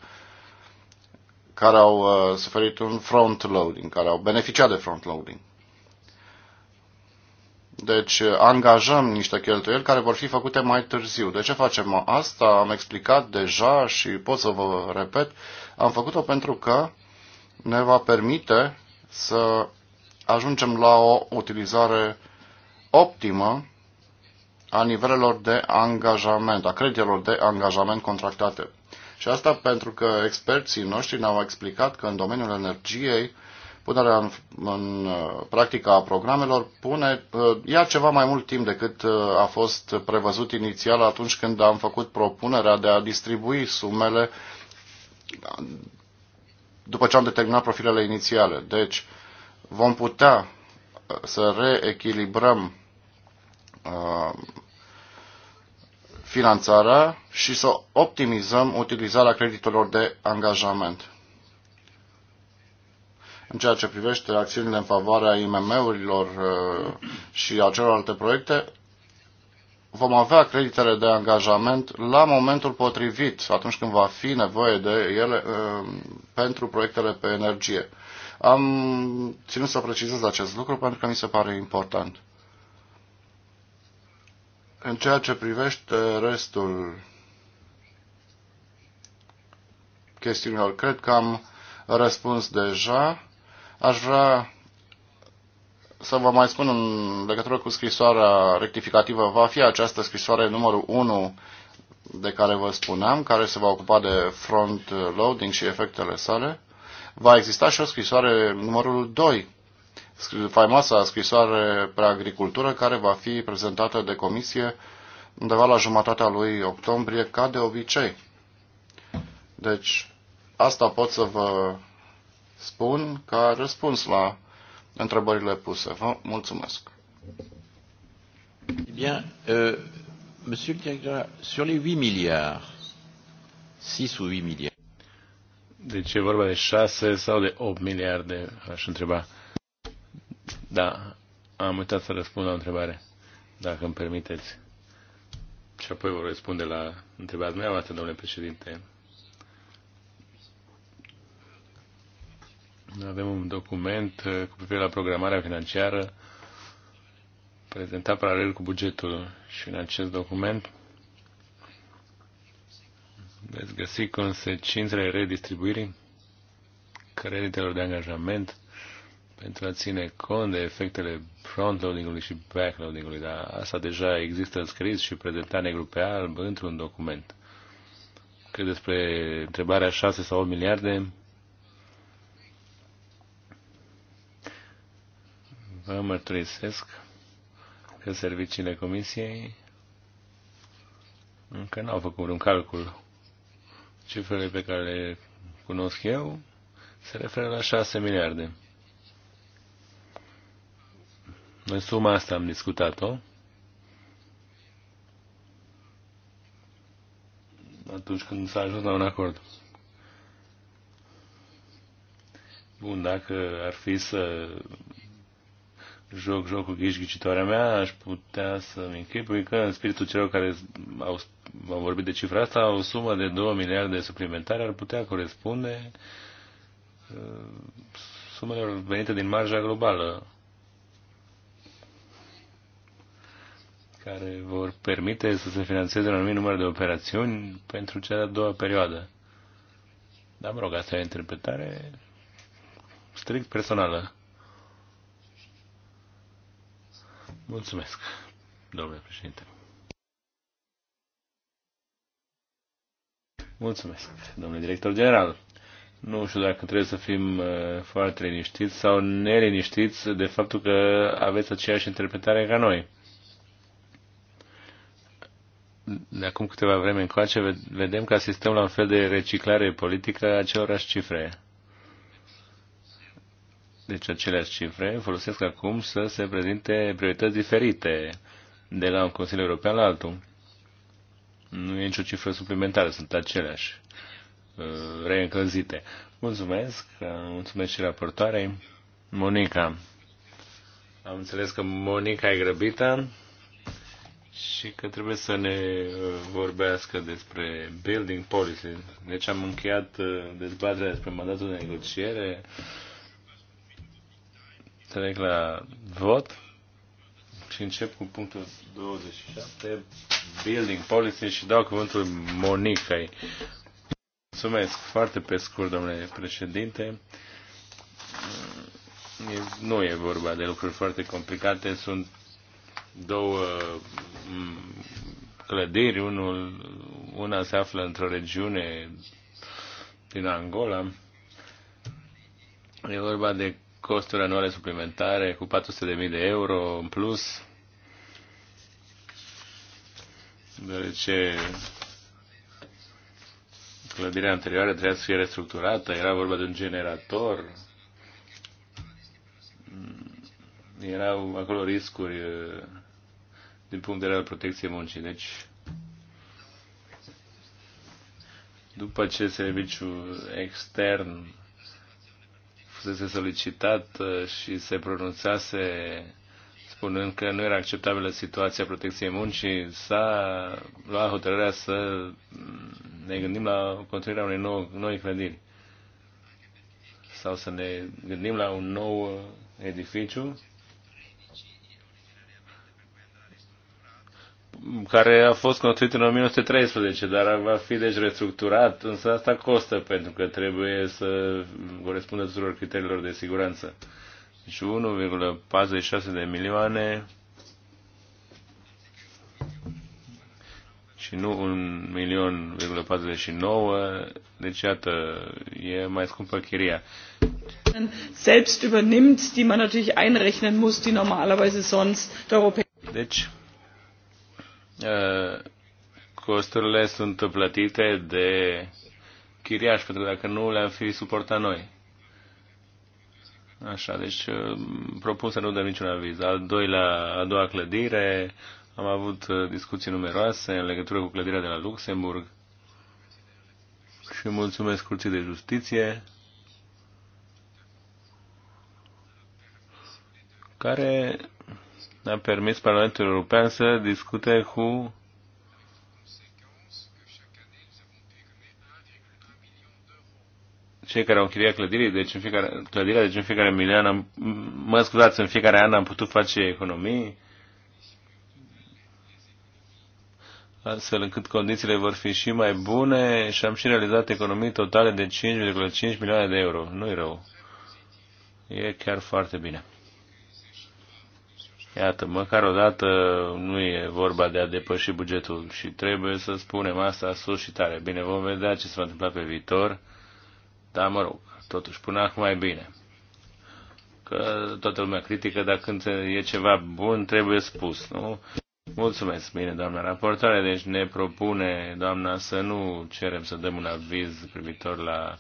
care au uh, suferit un front-loading, care au beneficiat de front-loading. Deci uh, angajăm niște cheltuieli care vor fi făcute mai târziu. De ce facem asta? Am explicat deja și pot să vă repet. Am făcut-o pentru că ne va permite să ajungem la o utilizare optimă a nivelelor de angajament, a creditelor de angajament contractate. Și asta pentru că experții noștri ne-au explicat că în domeniul energiei, punerea în, în uh, practică a programelor pune, uh, ia ceva mai mult timp decât uh, a fost prevăzut inițial atunci când am făcut propunerea de a distribui sumele după ce am determinat profilele inițiale. Deci vom putea să reechilibrăm uh, finanțarea și să optimizăm utilizarea creditelor de angajament. În ceea ce privește acțiunile în favoarea IMM-urilor uh, și a celorlalte proiecte, vom avea creditele de angajament la momentul potrivit, atunci când va fi nevoie de ele uh, pentru proiectele pe energie. Am ținut să precizez acest lucru pentru că mi se pare important. În ceea ce privește restul chestiunilor, cred că am răspuns deja. Aș vrea să vă mai spun în legătură cu scrisoarea rectificativă, va fi această scrisoare numărul 1 de care vă spuneam, care se va ocupa de front loading și efectele sale va exista și o scrisoare numărul 2, faimoasa scrisoare pe agricultură, care va fi prezentată de comisie undeva la jumătatea lui octombrie, ca de obicei. Deci, asta pot să vă spun ca răspuns la întrebările puse. Vă mulțumesc. Eh bien, euh, monsieur le directeur, sur les 8 milliards, 6 ou 8 milliards, deci e vorba de 6 sau de 8 miliarde, aș întreba. Da, am uitat să răspund la o întrebare, dacă îmi permiteți. Și apoi vă răspunde la întrebarea dumneavoastră, domnule președinte. Avem un document uh, cu privire la programarea financiară prezentat paralel cu bugetul și în acest document veți găsi consecințele redistribuirii creditelor de angajament pentru a ține cont de efectele frontloading-ului și backloading-ului, dar asta deja există scris și prezentat negru pe alb într-un document. Cred despre întrebarea 6 sau 8 miliarde, vă mărturisesc că serviciile Comisiei încă n-au făcut un calcul Cifrele pe care le cunosc eu se referă la 6 miliarde. În suma asta am discutat-o. atunci când s-a ajuns la un acord. Bun, dacă ar fi să joc jocul ghișghicitoarea mea, aș putea să-mi închipui că în spiritul celor care au, au vorbit de cifra asta, o sumă de 2 miliarde suplimentare ar putea corespunde uh, sumelor venite din marja globală care vor permite să se finanțeze un anumit număr de operațiuni pentru cea de-a doua perioadă. Dar, mă rog, asta e o interpretare strict personală. Mulțumesc, domnule președinte. Mulțumesc, domnule director general. Nu știu dacă trebuie să fim uh, foarte liniștiți sau neliniștiți de faptul că aveți aceeași interpretare ca noi. De acum câteva vreme încoace vedem că asistăm la un fel de reciclare politică a acelorași cifre. Deci aceleași cifre folosesc acum să se prezinte priorități diferite de la un Consiliu European la altul. Nu e nicio cifră suplimentară, sunt aceleași uh, reîncălzite. Mulțumesc, uh, mulțumesc și raportoarei. Monica, am înțeles că Monica e grăbită și că trebuie să ne uh, vorbească despre building policy. Deci am încheiat dezbaterea despre mandatul de negociere. Trec la vot și încep cu punctul 27, Building Policy și dau cuvântul Monicai. Mulțumesc foarte pe scurt, domnule președinte. Nu e vorba de lucruri foarte complicate, sunt două mm, clădiri, unul, una se află într-o regiune din Angola. E vorba de costuri anuale suplimentare cu 400.000 de euro în plus, deoarece clădirea anterioară trebuia să fie restructurată, era vorba de un generator, erau acolo riscuri uh, din punct de vedere al protecției muncii. Deci, după ce serviciul extern fusese solicitat uh, și se pronunțase spunând că nu era acceptabilă situația protecției muncii, s-a luat hotărârea să ne gândim la construirea unei nou, noi clădiri sau să ne gândim la un nou uh, edificiu care a fost construit în 1913, dar va fi deci restructurat, însă asta costă pentru că trebuie să corespundă tuturor criteriilor de siguranță. Deci 1,46 de milioane și nu 1 milion, deci iată, e mai scumpă chiria. Selbst übernimmt, die man natürlich einrechnen muss, die normalerweise sonst der Deci, Uh, costurile sunt plătite de chiriași, pentru că dacă nu le-am fi suportat noi. Așa, deci uh, propun să nu dăm niciun aviz. Al doilea, a doua clădire, am avut uh, discuții numeroase în legătură cu clădirea de la Luxemburg și mulțumesc Curții de Justiție care a permis Parlamentul European să discute cu cei care au închiriat clădirii, deci în fiecare, clădirea, deci în fiecare milion, am, mă scuzați, în fiecare an am putut face economii, astfel încât condițiile vor fi și mai bune și am și realizat economii totale de 5,5 milioane de euro. Nu-i rău. E chiar foarte bine. Iată, măcar o dată nu e vorba de a depăși bugetul și trebuie să spunem asta sus și tare. Bine, vom vedea ce se va întâmpla pe viitor, dar mă rog, totuși până acum e bine. Că toată lumea critică, dar când e ceva bun, trebuie spus, nu? Mulțumesc, bine, doamna raportoare. Deci ne propune, doamna, să nu cerem să dăm un aviz privitor la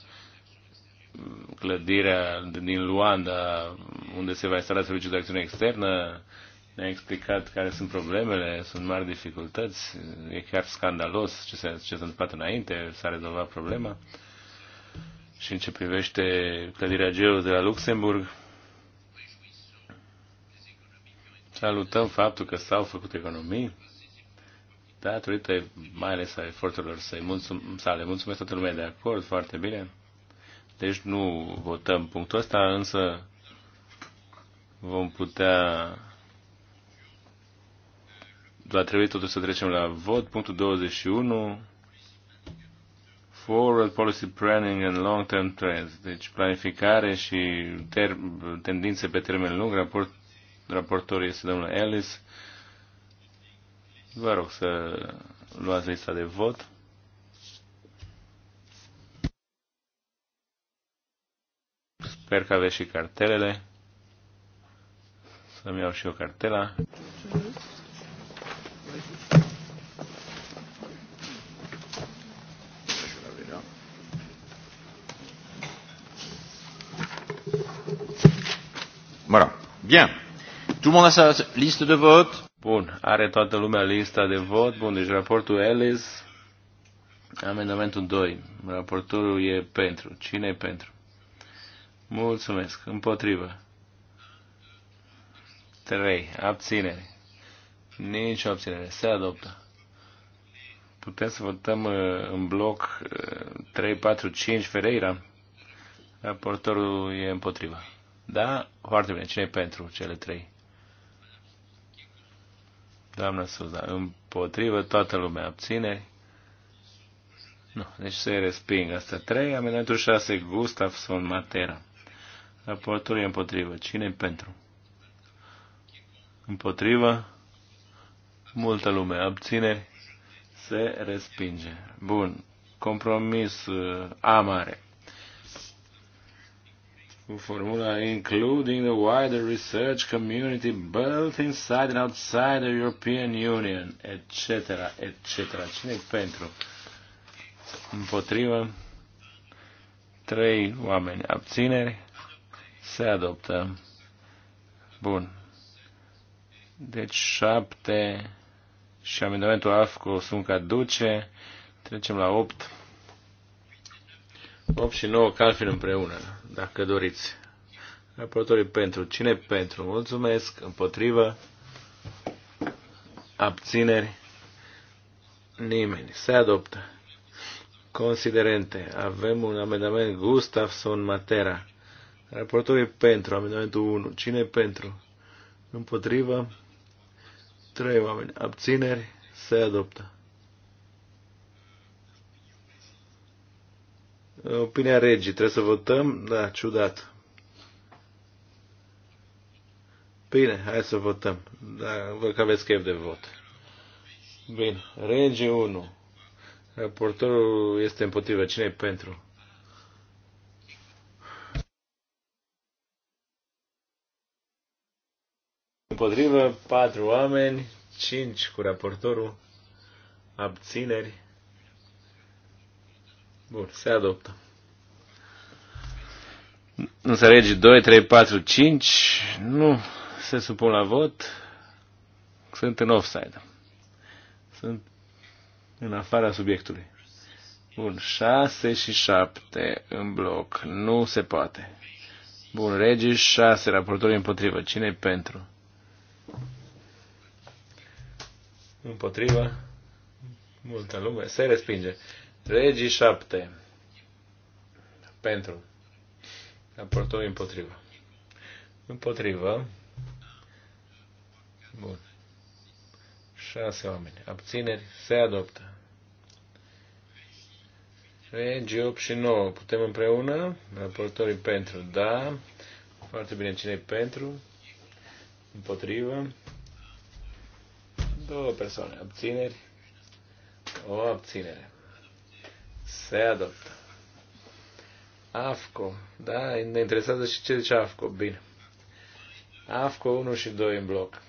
clădirea din Luanda, unde se va instala serviciul de acțiune externă, ne-a explicat care sunt problemele, sunt mari dificultăți, e chiar scandalos ce s-a, ce se întâmplat înainte, s-a rezolvat problema. Și în ce privește clădirea Geo de la Luxemburg, salutăm faptul că s-au făcut economii, datorită mai ales a eforturilor să, mulțum- să le mulțumesc toată lumea de acord, foarte bine. Deci nu votăm punctul ăsta, însă vom putea va trebui totuși să trecem la vot. Punctul 21. Forward Policy Planning and Long-Term Trends. Deci planificare și ter- tendințe pe termen lung. Raport, raportor este domnul Ellis. Vă rog să luați lista de vot. Sper că aveți și cartelele. Să-mi iau și eu cartela. Bien. Tout le monde a sa liste de vote. Bun, are toată lumea lista de vot. Bun, deci raportul Ellis, amendamentul 2. Raportorul e pentru. Cine e pentru? Mulțumesc. Împotrivă. 3. Abținere. Nici o abținere. Se adoptă. Putem să votăm uh, în bloc 3, 4, 5 Ferreira. Raportorul e împotriva. Da? Foarte bine. Cine e pentru cele trei? Doamna Suza, împotrivă toată lumea. Abțineri? Nu. Deci se resping. Asta trei. Amendamentul Gustav Gustafson Matera. Raportul e împotrivă. Cine e pentru? Împotrivă? Multă lume. Abțineri? Se respinge. Bun. Compromis uh, A mare cu formula including the wider research community both inside and outside the European Union, etc., etc. cine pentru? Împotrivă? Trei oameni abțineri? Se adoptă. Bun. Deci șapte și amendamentul AFCO sunt caduce. Trecem la opt. 8 și 9 calfin împreună, dacă doriți. Raportorii pentru. Cine pentru? Mulțumesc. Împotrivă. Abțineri. Nimeni. Se adoptă. Considerente. Avem un amendament Gustafson Matera. Raportorii pentru. Amendamentul 1. Cine pentru? Împotrivă. Trei oameni. Abțineri. Se adoptă. Uh, opinia regii. Trebuie să votăm? Da, ciudat. Bine, hai să votăm. Da, văd că aveți chef de vot. Bine. Rege 1. Raportorul este împotrivă. Cine e pentru? Împotrivă patru oameni, cinci cu raportorul, abțineri. Bun, se adoptă. Însă regi 2, 3, 4, 5 nu se supun la vot. Sunt în offside. Sunt în afara subiectului. Bun, 6 și 7 în bloc. Nu se poate. Bun, regi 6, raportori împotrivă. cine pentru? Împotrivă. Multă lume. Se respinge. Regii Pentru. Raportul împotrivă. Împotrivă. Bun. 6 oameni. Abțineri. Se adoptă. Regii 8 și 9. Putem împreună? Raportorii pentru. Da. Foarte bine. cine pentru? Împotrivă. Două persoane. Abțineri. O abținere. Se adoptă. AFCO. Da, ne interesează și ce zice AFCO. Bine. AFCO 1 și 2 în bloc.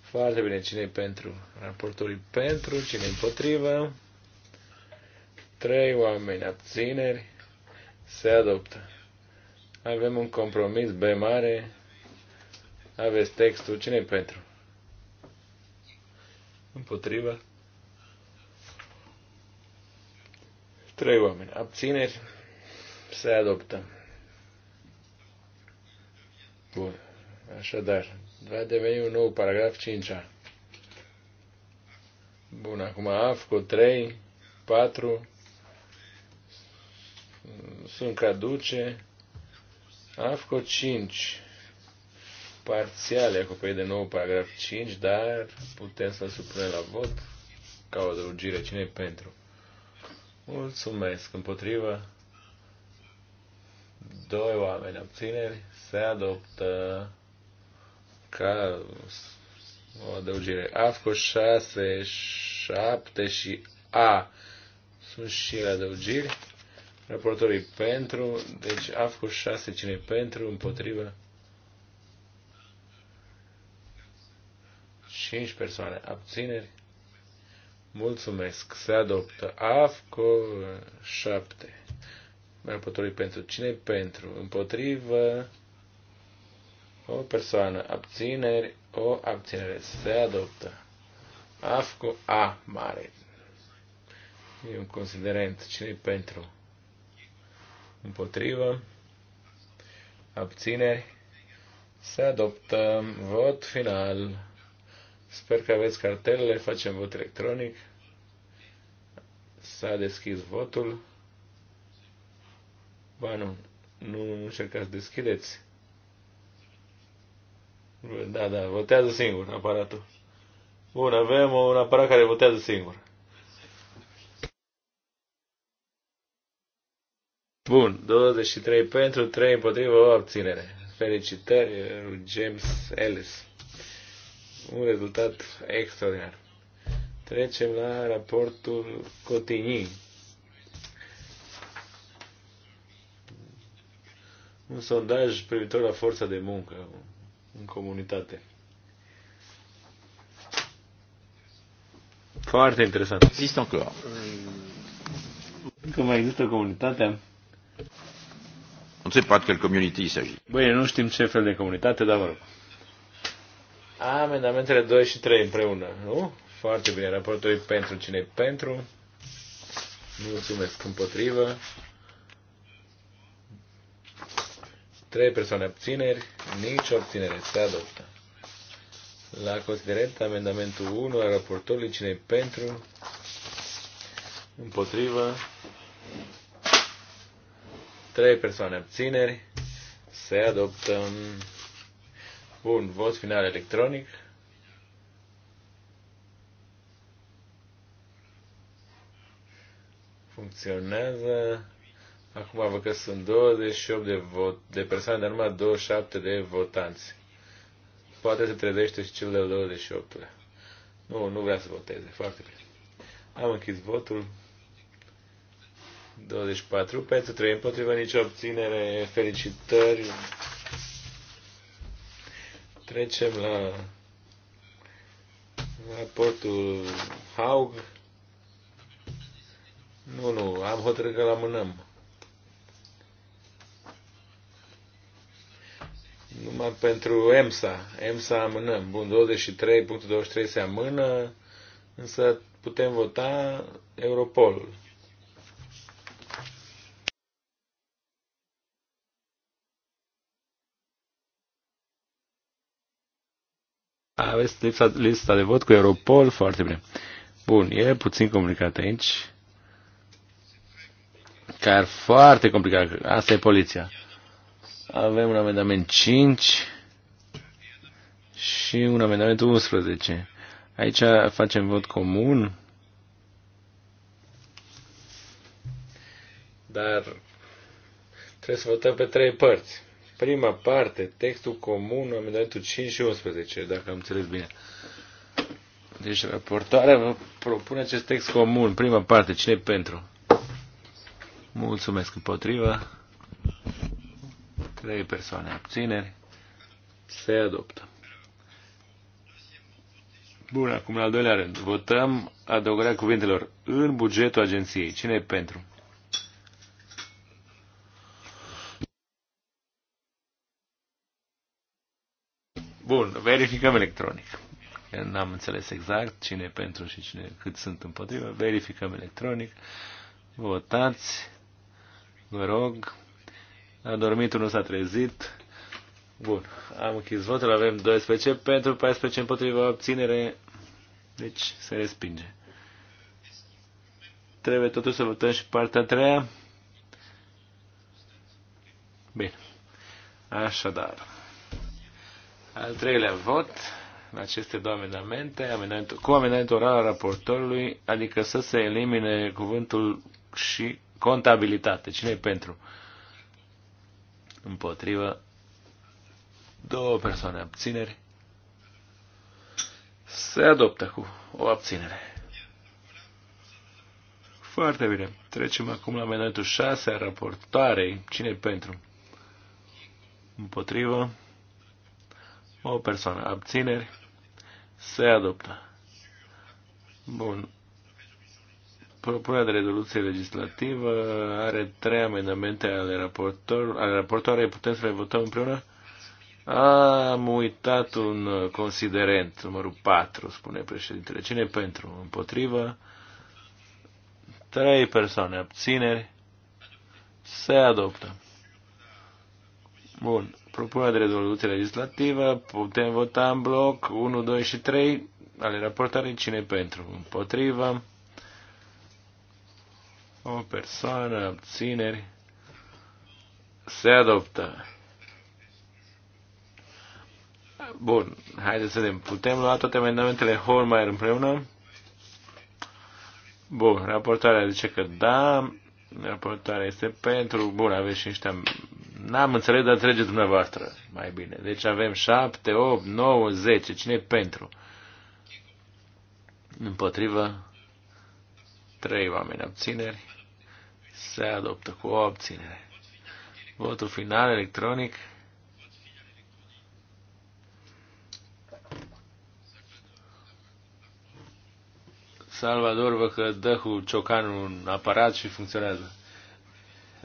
Foarte bine. Cine e pentru? Raportorii pentru, cine împotrivă? Trei oameni abțineri. Se adoptă. Avem un compromis B mare. Aveți textul. cine e pentru? Împotrivă. Trei oameni. Abțineri. Se adoptă. Bun. Așadar, va deveni un nou paragraf 5-a. Bun, acum AF cu 3, 4 sunt caduce. AF cu 5 parțiale acoperite de nou paragraf 5, dar putem să-l supunem la vot ca o adăugire. Cine pentru? Mulțumesc. Împotrivă. Doi oameni obțineri se adoptă ca o adăugire. AFCO 6, 7 și A sunt și adăugiri. Raportorii pentru, deci AFCO 6, cine pentru, împotrivă. 5 persoane abțineri. Mulțumesc. Se adoptă AFCO 7. potrivit pentru cine? Pentru. Împotrivă. O persoană. Abțineri. O abținere. Se adoptă. AFCO A mare. E un considerent. cine pentru? Împotrivă. Abțineri. Se adoptă. Vot final. Sper că aveți cartelele, facem vot electronic. S-a deschis votul. Ba nu, nu încercați deschideți. Da, da, votează singur aparatul. Bun, avem un aparat care votează singur. Bun, 23 pentru, 3 împotrivă, o abținere. Felicitări, James Ellis un rezultat extraordinar. Trecem la raportul Cotigny. Un sondaj privitor la forța de muncă în comunitate. Foarte interesant. Există încă. Încă mai există comunitatea? On ne sait pas de quelle community il s'agit. nu știm ce fel de comunitate, dar mă rog. Amendamentele 2 și 3 împreună, nu? Foarte bine. Raportul e pentru cine pentru. Mulțumesc împotrivă. Trei persoane abțineri, nici obținere. Se adoptă. La considerent, amendamentul 1 al raportorului, cine pentru, împotrivă, trei persoane abțineri, se adoptă. Bun, vot final electronic. Funcționează. Acum văd că sunt 28 de, vot, de persoane, dar numai 27 de votanți. Poate se trezește și cel de-al 28 -lea. Nu, nu vrea să voteze. Foarte bine. Am închis votul. 24 pentru 3 împotriva nicio obținere. Felicitări Trecem la raportul Haug. Nu, nu, am hotărât că l amânăm. Numai pentru EMSA. EMSA amânăm. Bun, 23.23 se amână, însă putem vota Europolul. Aveți lipsa, lista de vot cu Europol, foarte bine. Bun, e puțin complicat aici. Chiar foarte complicat. Asta e poliția. Avem un amendament 5 și un amendament 11. Aici facem vot comun. Dar trebuie să votăm pe trei părți prima parte, textul comun, amendamentul 5 și 11, dacă am înțeles bine. Deci raportarea vă propune acest text comun, prima parte, cine pentru? Mulțumesc împotriva. Trei persoane abțineri. Se adoptă. Bun, acum la al doilea rând. Votăm adăugarea cuvintelor în bugetul agenției. Cine e pentru? Bun, verificăm electronic. N-am înțeles exact cine pentru și cine cât sunt împotrivă. Verificăm electronic. Votați. Vă rog. A dormit, nu s-a trezit. Bun, am închis votul, avem 12 pentru, 14 împotriva, obținere, deci se respinge. Trebuie totuși să votăm și partea a treia. Bine. Așadar. Al treilea vot în aceste două amendamente, amendament, cu amendamentul oral al raportorului, adică să se elimine cuvântul și contabilitate. cine e pentru? Împotrivă. Două persoane abțineri. Se adoptă cu o abținere. Foarte bine. Trecem acum la amendamentul 6 a raportoarei. cine e pentru? Împotrivă. O persoană. Abțineri. Se adoptă. Bun. Propunerea de rezoluție legislativă are trei amendamente ale, raportor, ale raportoarei. Putem să le votăm împreună? Am uitat un considerent, numărul 4, spune președintele. Cine pentru? Împotrivă? Trei persoane abțineri. Se adoptă. Bun propunerea de rezoluție legislativă, putem vota în bloc 1, 2 și 3 ale raportarei cine pentru, împotrivă, o persoană, abțineri, se adoptă. Bun, haideți să vedem. Putem lua toate amendamentele Holmeier împreună? Bun, raportarea zice că da, raportarea este pentru, bun, aveți și niște N-am înțeles, dar înțelegeți dumneavoastră mai bine. Deci avem 7, 8, 9, 10. Cine e pentru? Împotrivă? 3 oameni abțineri. Se adoptă cu o abținere. Votul final electronic. Salvador vă că dă cu ciocanul un aparat și funcționează.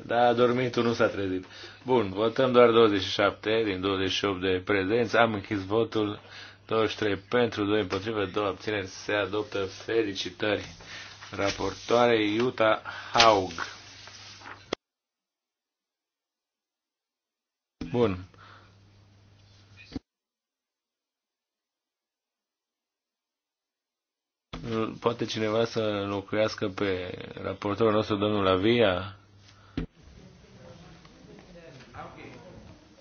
Da, a dormit, nu s-a trezit. Bun, votăm doar 27 din 28 de prezenți. Am închis votul. 23 pentru, 2 împotrivă, 2 abțineri. Se adoptă felicitări. Raportoare Iuta Haug. Bun. Poate cineva să lucrească pe raportorul nostru, domnul Avia?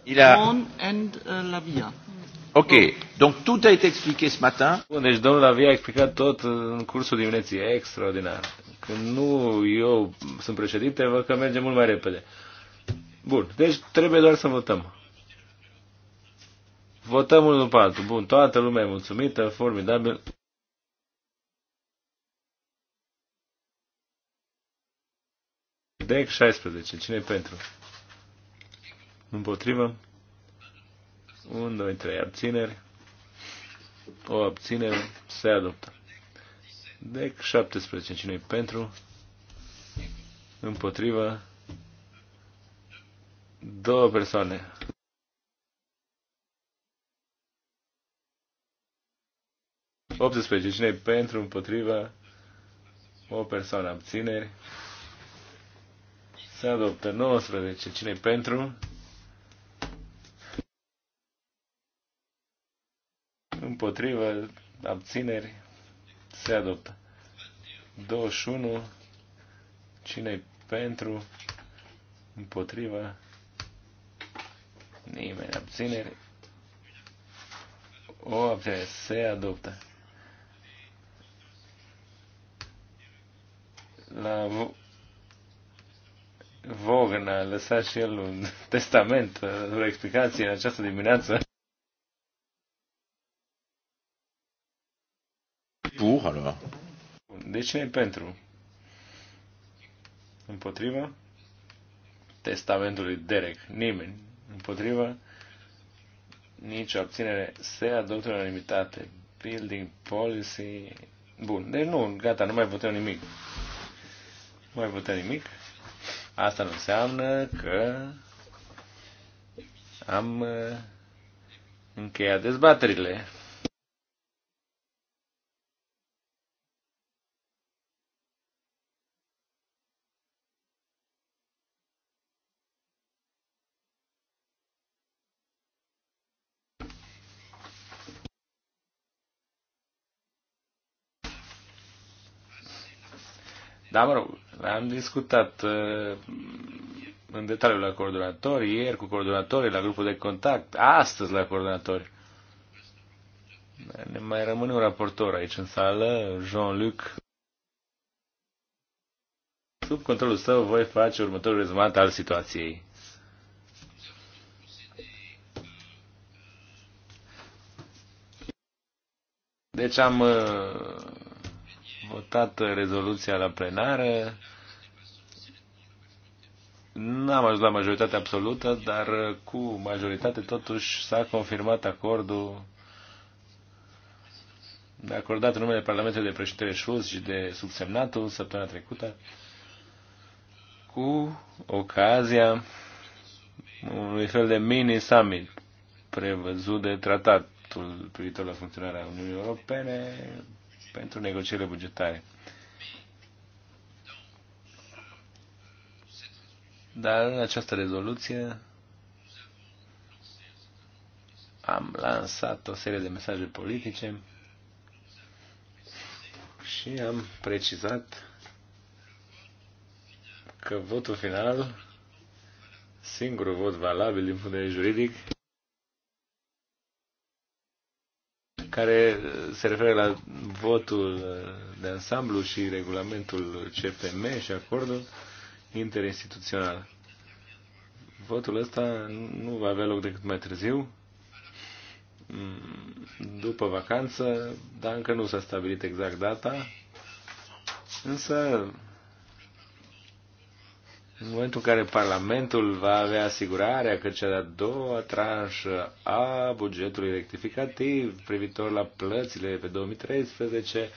Il a... and uh, la via. Ok, donc tout a été expliqué ce matin. Bun, deci domnul Avia a explicat tot în cursul dimineții, extraordinar. Când nu eu sunt președinte, văd că merge mult mai repede. Bun, deci trebuie doar să votăm. Votăm unul după altul. Bun, toată lumea e mulțumită, formidabil. Dec 16, cine e pentru? Împotrivă? Un, doi, trei, Abțineri? O abținere se adoptă. Dec 17. cine pentru? Împotrivă? Două persoane. Optsprezece. Cine pentru, Împotrivă. o persoană abțineri. Se adoptă 19. Cine pentru? împotrivă, abțineri, se adoptă. 21, cine pentru, împotrivă, nimeni, abțineri, o abțineri, se adoptă. La Vogna a lăsat și el un testament, o explicație în această dimineață. pour De ce pentru? Împotriva? Testamentului Derek. Nimeni. Împotriva? Nicio abținere. Se adoptă unanimitate. Building policy. Bun. Deci nu, gata, nu mai votăm nimic. Nu mai votăm nimic. Asta nu înseamnă că am uh, încheiat dezbaterile. Da, mă rog, am discutat uh, în detaliu la coordonatori, ieri cu coordonatorii, la grupul de contact, astăzi la coordonatori. Ne mai rămâne un raportor aici în sală, Jean-Luc. Sub controlul său voi face următorul rezumat al situației. Deci am uh, votat rezoluția la plenară. N-am ajuns la majoritate absolută, dar cu majoritate totuși s-a confirmat acordul de acordat în numele Parlamentului de președintele Schulz și de subsemnatul săptămâna trecută cu ocazia unui fel de mini-summit prevăzut de tratatul privitor la funcționarea Uniunii Europene pentru negocierile bugetare. Dar în această rezoluție am lansat o serie de mesaje politice și am precizat că votul final, singurul vot valabil din punct de vedere juridic, care se referă la votul de ansamblu și regulamentul CPM și acordul interinstituțional. Votul ăsta nu va avea loc decât mai târziu, mm, după vacanță, dar încă nu s-a stabilit exact data, însă în momentul în care Parlamentul va avea asigurarea că cea de-a doua tranșă a bugetului rectificativ privitor la plățile pe 2013,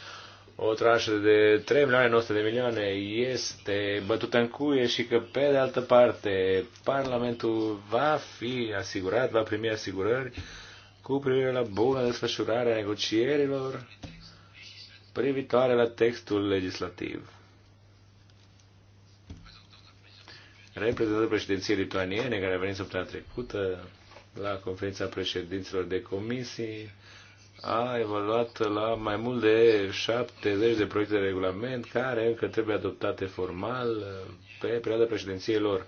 o tranșă de 3 milioane 900 de milioane este bătută în cuie și că, pe de altă parte, Parlamentul va fi asigurat, va primi asigurări cu privire la bună desfășurare a negocierilor privitoare la textul legislativ. reprezentantul președinției lituaniene care a venit săptămâna trecută la conferința președinților de comisii a evaluat la mai mult de 70 de proiecte de regulament care încă trebuie adoptate formal pe perioada președinției lor.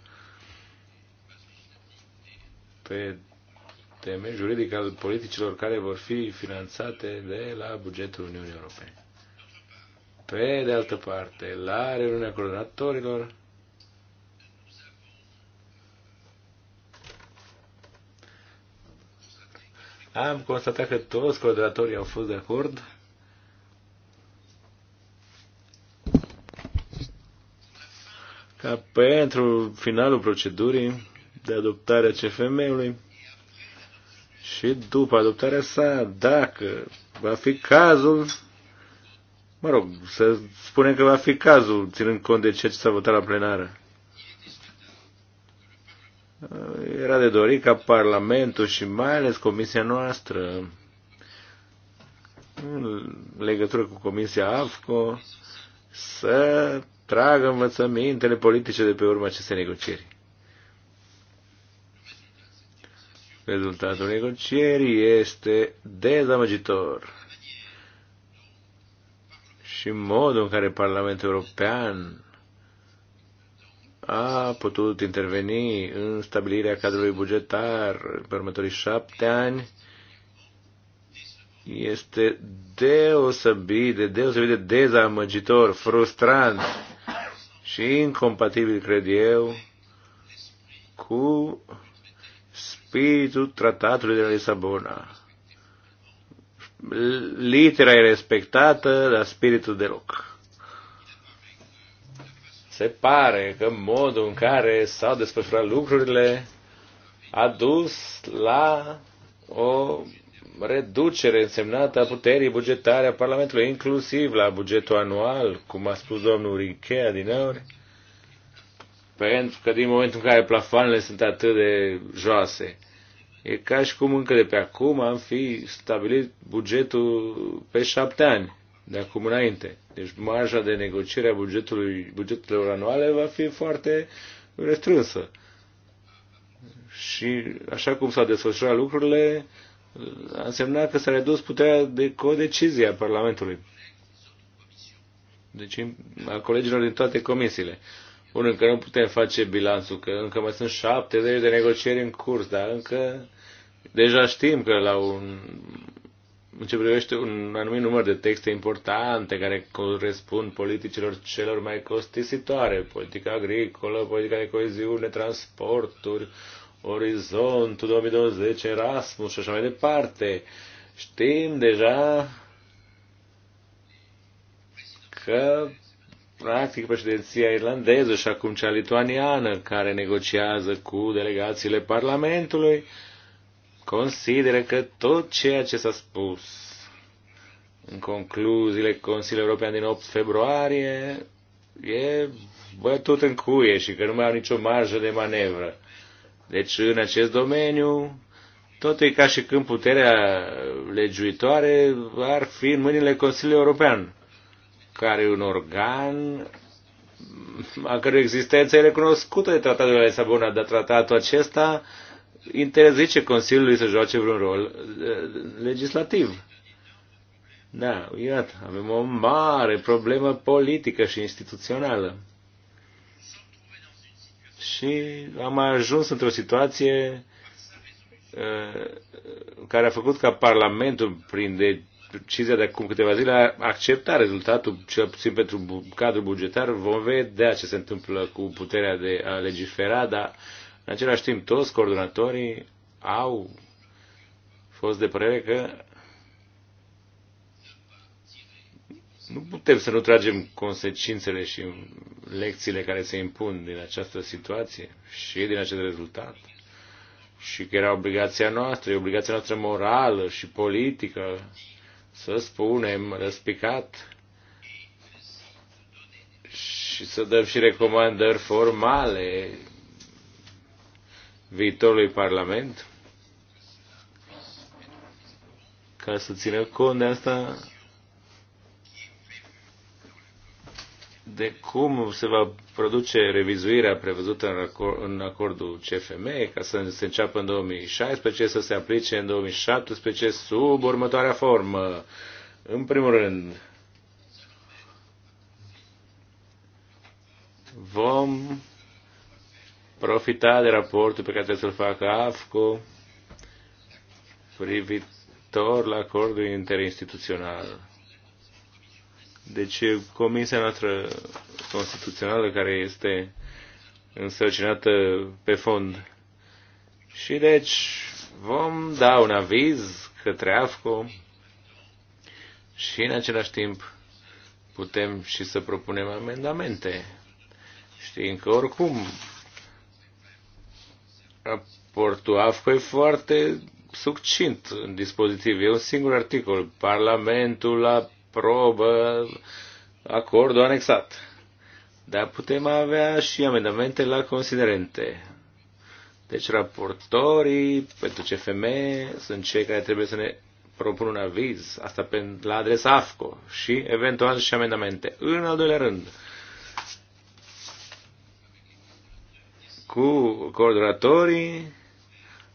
Pe teme juridic al politicilor care vor fi finanțate de la bugetul Uniunii Europene. Pe de altă parte, la reuniunea coordonatorilor, Am constatat că toți coordonatorii au fost de acord. Ca pentru finalul procedurii de adoptare a CFM-ului și după adoptarea sa, dacă va fi cazul, mă rog, să spunem că va fi cazul, ținând cont de ceea ce s-a votat la plenară. Uh, era de dorit ca Parlamentul și mai ales Comisia noastră, în legătură cu Comisia AFCO, să tragă învățămintele politice de pe urma acestei negocieri. Rezultatul negocierii este dezamăgitor. Și modul în care Parlamentul European a putut interveni în stabilirea cadrului bugetar pe următorii șapte ani este deosebit de, deosebit de dezamăgitor, frustrant și incompatibil, cred eu, cu spiritul tratatului de la Lisabona. Litera e respectată, dar spiritul deloc se pare că modul în care s-au desfășurat lucrurile a dus la o reducere însemnată a puterii bugetare a Parlamentului, inclusiv la bugetul anual, cum a spus domnul Richea din aur, pentru că din momentul în care plafoanele sunt atât de joase, e ca și cum încă de pe acum am fi stabilit bugetul pe șapte ani de acum înainte. Deci marja de negociere a bugetului, bugetelor anuale va fi foarte restrânsă. Și așa cum s-au desfășurat lucrurile, a însemnat că s-a redus puterea de codecizie a Parlamentului. Deci a colegilor din toate comisiile. Bun, încă nu putem face bilanțul, că încă mai sunt 70 de negocieri în curs, dar încă deja știm că la un în ce privește un anumit număr de texte importante care corespund politicilor celor mai costisitoare, politica agricolă, politica de coeziune, transporturi, orizontul 2020, Erasmus și așa mai departe. Știm deja că practic președinția irlandeză și acum cea lituaniană care negociază cu delegațiile Parlamentului, consideră că tot ceea ce s-a spus în concluziile Consiliului European din 8 februarie e bătut în cuie și că nu mai au nicio marjă de manevră. Deci în acest domeniu tot e ca și când puterea legiuitoare ar fi în mâinile Consiliului European, care e un organ a cărui existență e recunoscută de tratatul de la Lisabona, dar tratatul acesta interzice Consiliului să joace vreun rol eh, legislativ. Da, iată, avem o mare problemă politică și instituțională. Și am ajuns într-o situație eh, care a făcut ca Parlamentul, prin decizia de acum câteva zile, a acceptat rezultatul, cel puțin pentru cadrul bugetar. Vom vedea ce se întâmplă cu puterea de a legifera, dar în același timp, toți coordonatorii au fost de părere că nu putem să nu tragem consecințele și lecțiile care se impun din această situație și din acest rezultat. Și că era obligația noastră, e obligația noastră morală și politică să spunem răspicat și să dăm și recomandări formale viitorului Parlament ca să țină cont de asta de cum se va produce revizuirea prevăzută în, acord, în acordul CFM, ca să se înceapă în 2016, să se aplice în 2017 sub următoarea formă. În primul rând, vom profita de raportul pe care trebuie să-l facă AFCO privitor la acordul interinstituțional. Deci Comisia noastră constituțională care este însărcinată pe fond. Și deci vom da un aviz către AFCO și în același timp putem și să propunem amendamente. Știind că oricum raportul AFCO e foarte succint în dispozitiv. E un singur articol. Parlamentul probă acordul anexat. Dar putem avea și amendamente la considerente. Deci raportorii pentru CFM sunt cei care trebuie să ne propun un aviz, asta pe, la adresa AFCO și eventual și amendamente. În al doilea rând, cu coordonatorii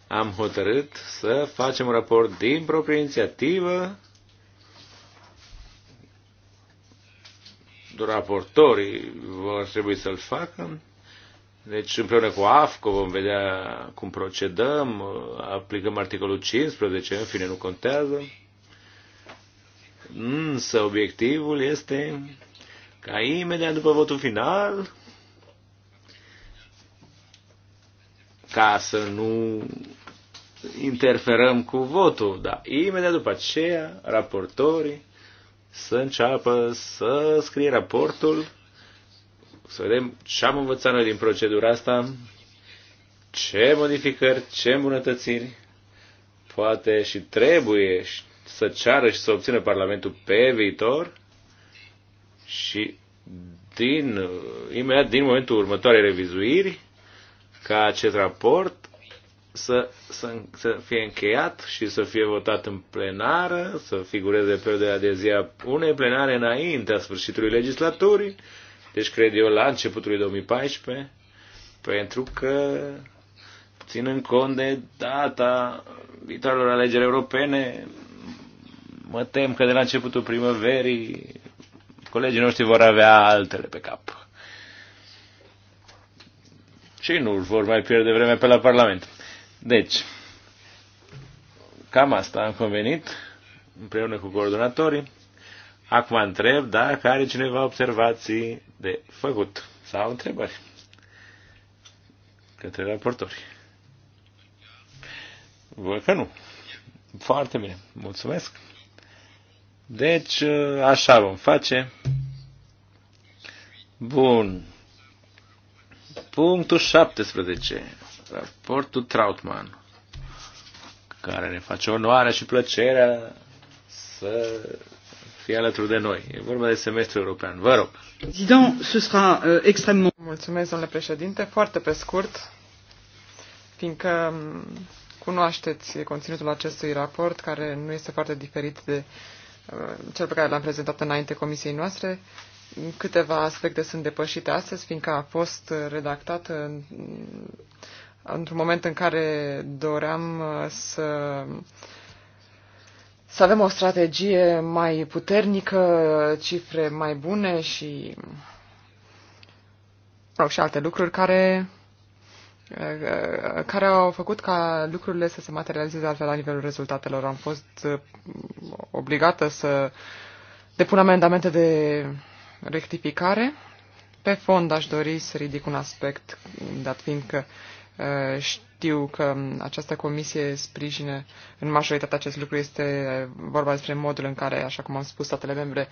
am hotărât să facem un raport din proprie inițiativă. Raportorii vor trebui să-l facă. Deci împreună cu AFCO vom vedea cum procedăm, aplicăm articolul 15, în fine nu contează. Însă obiectivul este ca imediat după votul final ca să nu interferăm cu votul, dar imediat după aceea raportorii să înceapă să scrie raportul, să vedem ce am învățat noi din procedura asta, ce modificări, ce îmbunătățiri poate și trebuie să ceară și să obțină Parlamentul pe viitor și din, imediat din momentul următoarei revizuiri ca acest raport să, să, să fie încheiat și să fie votat în plenară, să figureze pe de adezia unei plenare înainte a sfârșitului legislaturii, deci cred eu la începutul 2014, pentru că ținând cont de data viitoarelor alegeri europene, mă tem că de la începutul primăverii colegii noștri vor avea altele pe cap și nu vor mai pierde vreme pe la Parlament. Deci, cam asta am convenit împreună cu coordonatorii. Acum întreb dacă are cineva observații de făcut sau întrebări către raportori. Văd că nu. Foarte bine. Mulțumesc. Deci, așa vom face. Bun. Punctul 17. Raportul Trautmann, care ne face onoarea și plăcerea să fie alături de noi. E vorba de semestrul european. Vă rog. Uh, extrem Mulțumesc, domnule președinte. Foarte pe scurt, fiindcă um, cunoașteți conținutul acestui raport, care nu este foarte diferit de uh, cel pe care l-am prezentat înainte comisiei noastre, câteva aspecte sunt depășite astăzi, fiindcă a fost redactată în, într-un moment în care doream uh, să, să avem o strategie mai puternică, cifre mai bune și, rog, și alte lucruri care uh, care au făcut ca lucrurile să se materializeze altfel la nivelul rezultatelor. Am fost uh, obligată să depun amendamente de rectificare. Pe fond aș dori să ridic un aspect, dat fiind uh, știu că um, această comisie sprijină în majoritatea acest lucru. Este vorba despre modul în care, așa cum am spus, statele membre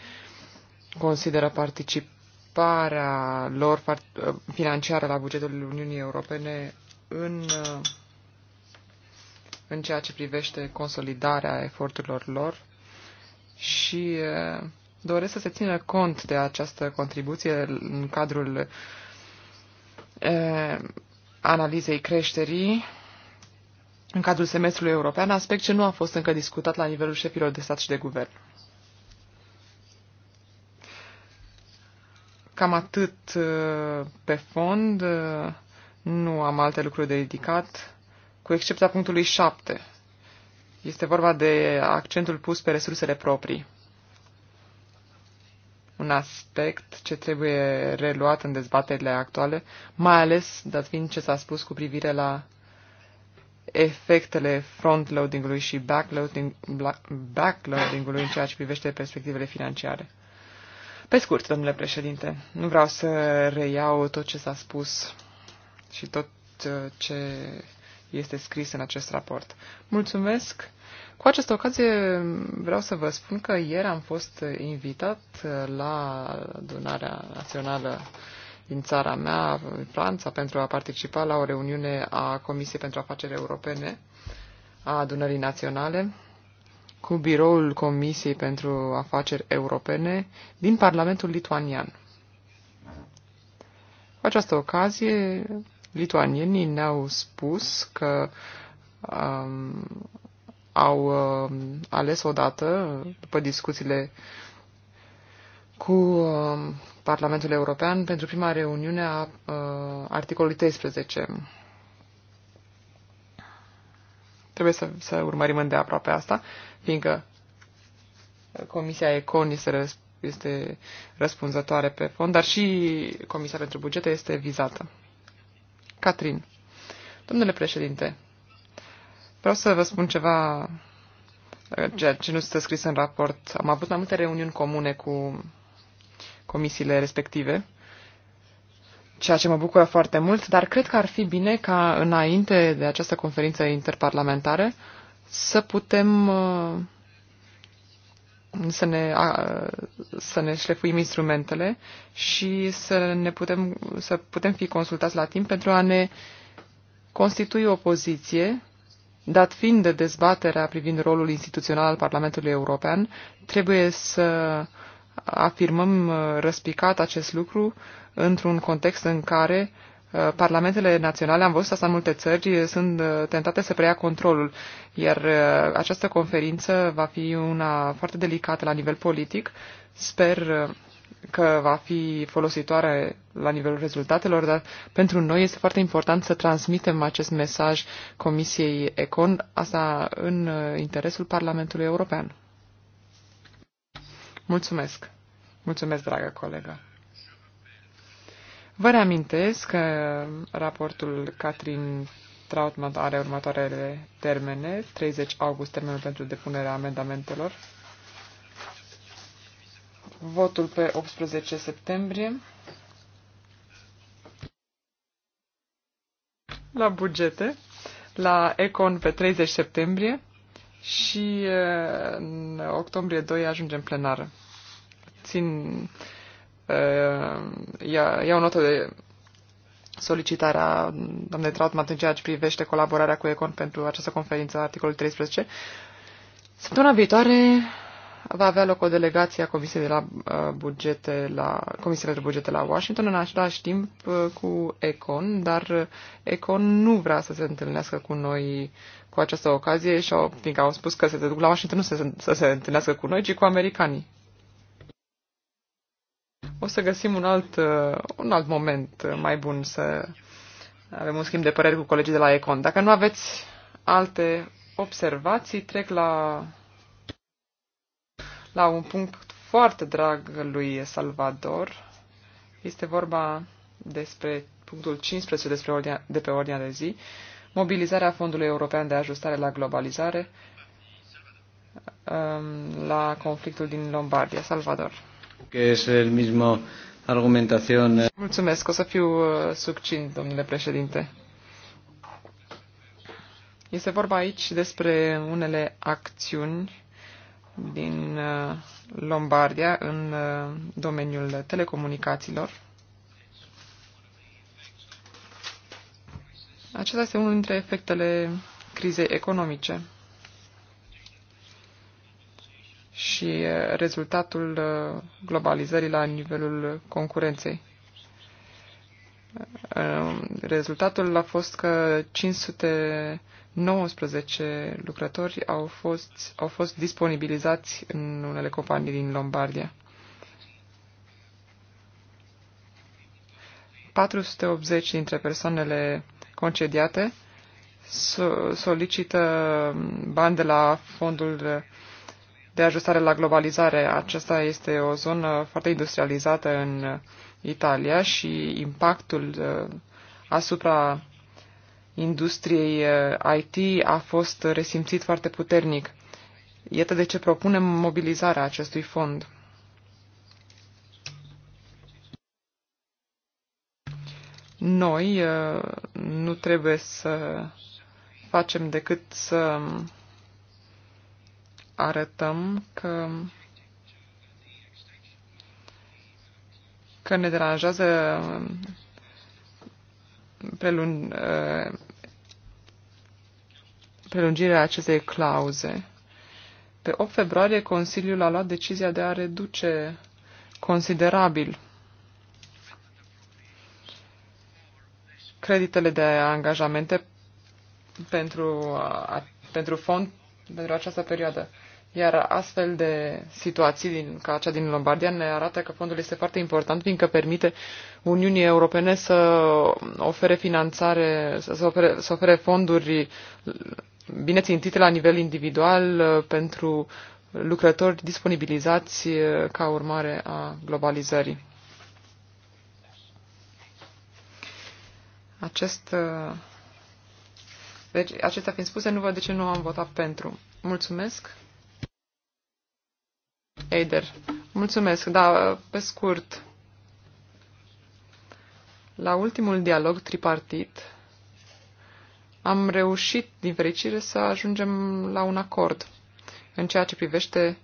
consideră participarea lor uh, financiară la bugetul Uniunii Europene în, uh, în ceea ce privește consolidarea eforturilor lor și uh, doresc să se țină cont de această contribuție în cadrul uh, analizei creșterii în cadrul semestrului european, aspect ce nu a fost încă discutat la nivelul șefilor de stat și de guvern. Cam atât pe fond, nu am alte lucruri de ridicat, cu excepția punctului 7. Este vorba de accentul pus pe resursele proprii un aspect ce trebuie reluat în dezbaterile actuale, mai ales dat fiind ce s-a spus cu privire la efectele front-loading-ului și loading ului în ceea ce privește perspectivele financiare. Pe scurt, domnule președinte, nu vreau să reiau tot ce s-a spus și tot uh, ce este scris în acest raport. Mulțumesc! Cu această ocazie vreau să vă spun că ieri am fost invitat la adunarea națională din țara mea, Franța, pentru a participa la o reuniune a Comisiei pentru Afaceri Europene a adunării naționale cu biroul Comisiei pentru Afaceri Europene din Parlamentul Lituanian. Cu această ocazie, lituanienii ne-au spus că um, au uh, ales odată, după discuțiile cu uh, Parlamentul European, pentru prima reuniune a uh, articolului 13. Trebuie să, să urmărim îndeaproape asta, fiindcă Comisia Econ este, răs, este răspunzătoare pe fond, dar și Comisia pentru Bugete este vizată. Catrin. Domnule președinte, Vreau să vă spun ceva ceea ce nu stă scris în raport. Am avut mai multe reuniuni comune cu comisiile respective, ceea ce mă bucură foarte mult, dar cred că ar fi bine ca înainte de această conferință interparlamentară să putem uh, să ne, să ne șlefuim instrumentele și să, ne putem, să putem fi consultați la timp pentru a ne constitui o poziție Dat fiind de dezbaterea privind rolul instituțional al Parlamentului European, trebuie să afirmăm uh, răspicat acest lucru într-un context în care uh, parlamentele naționale, am văzut asta în multe țări, uh, sunt tentate să preia controlul, iar această conferință va fi una foarte delicată la nivel politic. Sper că va fi folositoare la nivelul rezultatelor, dar pentru noi este foarte important să transmitem acest mesaj Comisiei Econ, asta în uh, interesul Parlamentului European. Mulțumesc. Mulțumesc, dragă colegă. Vă reamintesc că raportul Catrin Trautmann are următoarele termene, 30 august termenul pentru depunerea amendamentelor, votul pe 18 septembrie. La bugete, la Econ pe 30 septembrie și în octombrie 2 ajungem plenară. Țin, iau notă de solicitarea doamnei Trautmann în ceea ce privește colaborarea cu Econ pentru această conferință, articolul 13. Săptămâna viitoare va avea loc o delegație a Comisiei de la uh, bugete la, Comisiei de bugete la Washington, în același timp uh, cu Econ, dar uh, Econ nu vrea să se întâlnească cu noi cu această ocazie și au, fiindcă au spus că se duc la Washington nu se, să se întâlnească cu noi, ci cu americanii. O să găsim un alt, un alt moment mai bun să avem un schimb de păreri cu colegii de la Econ. Dacă nu aveți alte observații, trec la la un punct foarte drag lui Salvador. Este vorba despre punctul 15 despre ordinea, de pe ordinea de zi, mobilizarea Fondului European de Ajustare la Globalizare um, la conflictul din Lombardia, Salvador. Que es el mismo argumentación. Eh. Mulțumesc, o să fiu uh, succint, domnule președinte. Este vorba aici despre unele acțiuni din uh, Lombardia în uh, domeniul telecomunicațiilor. Acesta este unul dintre efectele crizei economice și uh, rezultatul globalizării la nivelul concurenței. Rezultatul a fost că 500 19 lucrători au fost, au fost disponibilizați în unele companii din Lombardia. 480 dintre persoanele concediate solicită bani de la fondul de ajustare la globalizare. Aceasta este o zonă foarte industrializată în Italia și impactul uh, asupra industriei uh, IT a fost resimțit foarte puternic. Iată de ce propunem mobilizarea acestui fond. Noi uh, nu trebuie să facem decât să arătăm că că ne deranjează uh, prelun, prelungirea acestei clauze. Pe 8 februarie, Consiliul a luat decizia de a reduce considerabil creditele de angajamente pentru, pentru fond pentru această perioadă. Iar astfel de situații din, ca cea din Lombardia ne arată că fondul este foarte important, fiindcă permite Uniunii Europene să ofere finanțare, să ofere, să ofere fonduri bine țintite la nivel individual pentru lucrători disponibilizați ca urmare a globalizării. Acest, deci, acestea fiind spuse, nu văd de ce nu am votat pentru. Mulțumesc! Eider. Mulțumesc, da, pe scurt. La ultimul dialog tripartit am reușit, din fericire, să ajungem la un acord în ceea ce privește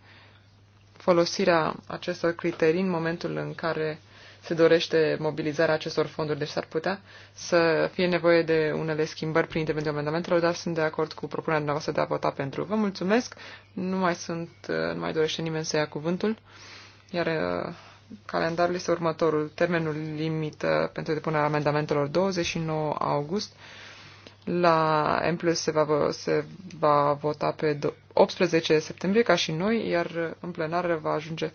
folosirea acestor criterii în momentul în care se dorește mobilizarea acestor fonduri, deci s-ar putea să fie nevoie de unele schimbări prin intermediul amendamentelor, dar sunt de acord cu propunerea dumneavoastră de a vota pentru. Vă mulțumesc, nu mai, sunt, nu mai dorește nimeni să ia cuvântul, iar uh, calendarul este următorul. Termenul limită pentru depunerea amendamentelor 29 august. La M plus se va, se va vota pe 18 septembrie, ca și noi, iar în plenară va ajunge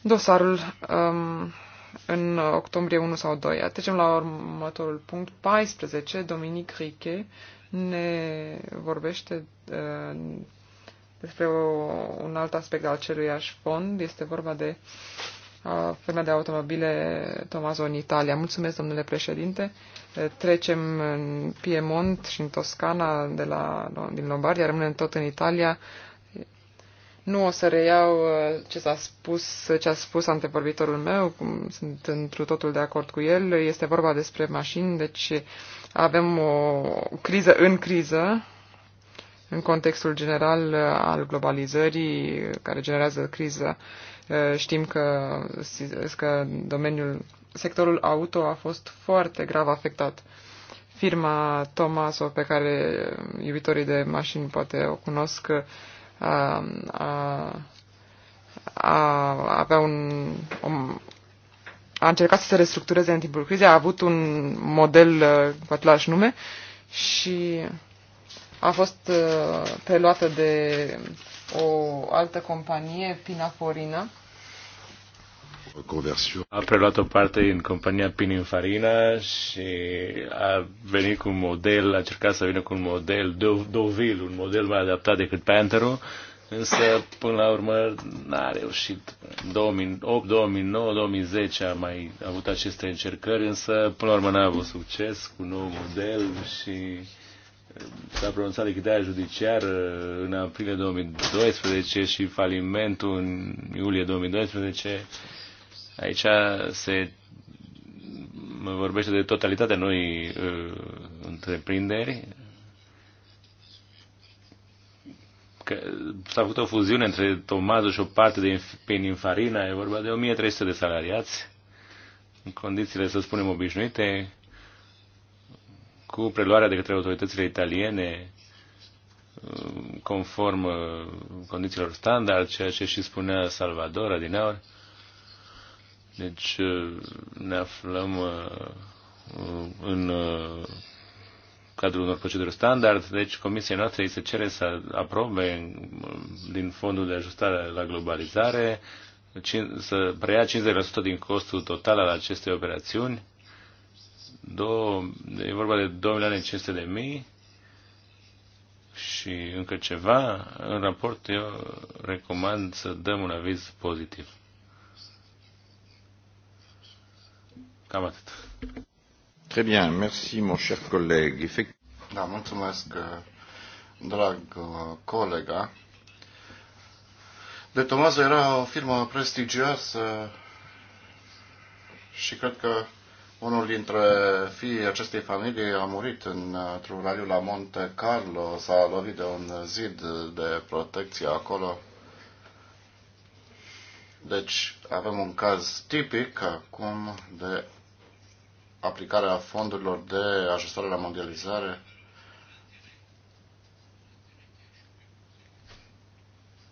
dosarul um, în octombrie 1 sau 2. Trecem la următorul punct, 14. Dominic Riche ne vorbește uh, despre o, un alt aspect al aceluiași fond. Este vorba de uh, firma de automobile Tomazo în Italia. Mulțumesc, domnule președinte. Uh, trecem în Piemont și în Toscana de la, din Lombardia, rămânem tot în Italia. Uh, nu o să reiau uh, ce s-a spus, ce a spus antevorbitorul meu, cum sunt întru totul de acord cu el. Este vorba despre mașini, deci avem o criză în criză, în contextul general uh, al globalizării care generează criză. Uh, știm că, că domeniul, sectorul auto a fost foarte grav afectat. Firma Tomaso, pe care iubitorii de mașini poate o cunosc, a, um, a, a avea un, un a încercat să se restructureze în timpul crizei, a avut un model uh, cu același nume și a fost uh, preluată de o altă companie, Pinaforina, a preluat o parte în compania Pininfarina și a venit cu un model, a încercat să vină cu un model Dovil, un model mai adaptat decât Pantherul, însă până la urmă n-a reușit. 2008, 2009, 2010 a mai avut aceste încercări, însă până la urmă n-a avut succes cu un nou model și eh, s-a pronunțat lichidarea judiciară în aprilie 2012 și falimentul în iulie 2012 Aici se vorbește de totalitatea noi uh, întreprinderi. S-a făcut o fuziune între Tomazo și o parte din Pininfarina, e vorba de 1300 de salariați, în condițiile, să spunem, obișnuite, cu preluarea de către autoritățile italiene, uh, conform uh, condițiilor standard, ceea ce și spunea Salvador Adinaur. Uh, deci uh, ne aflăm uh, în uh, cadrul unor proceduri standard, deci Comisia noastră îi se cere să aprobe din fondul de ajustare la globalizare să preia 50% din costul total al acestei operațiuni. Două, e vorba de 2 milioane 500 de mii și încă ceva. În raport eu recomand să dăm un aviz pozitiv. Cam atât. Très bien, merci mon cher collègue. Effect... Da, mulțumesc, drag uh, colega. De Tomaso era o firmă prestigioasă și cred că unul dintre fiii acestei familii a murit într-un raliu la Monte Carlo, s-a lovit de un zid de protecție acolo. Deci avem un caz tipic acum de aplicarea fondurilor de ajustare la mondializare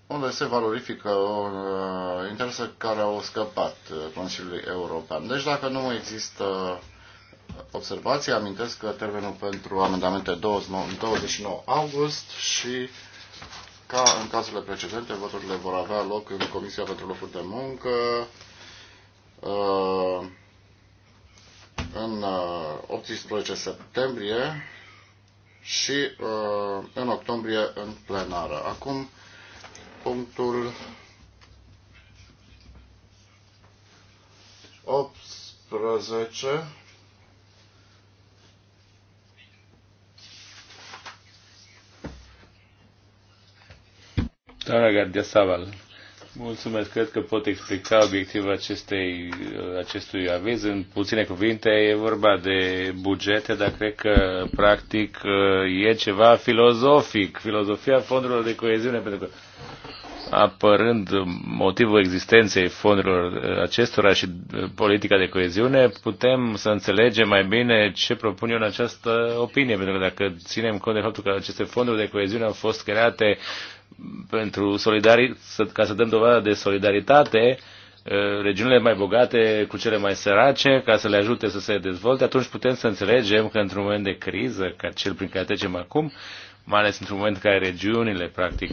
unde se valorifică uh, interese care au scăpat uh, Consiliului European. Deci dacă nu există observații, amintesc că termenul pentru amendamente 29 august și ca în cazurile precedente, voturile vor avea loc în Comisia pentru Locuri de Muncă uh, în 18 uh, septembrie și uh, în octombrie în plenară. Acum punctul 18 Doamna Gardia Saval. Mulțumesc. Cred că pot explica obiectivul acestei, acestui aviz în puține cuvinte. E vorba de bugete, dar cred că, practic, e ceva filozofic. Filozofia fondurilor de coeziune, pentru că apărând motivul existenței fondurilor uh, acestora și uh, politica de coeziune, putem să înțelegem mai bine ce propun eu în această opinie, pentru că dacă ținem cont de faptul că aceste fonduri de coeziune au fost create pentru solidari, ca să dăm dovadă de solidaritate uh, regiunile mai bogate cu cele mai sărace, ca să le ajute să se dezvolte, atunci putem să înțelegem că într-un moment de criză, ca cel prin care trecem acum, mai ales într-un moment în care regiunile, practic,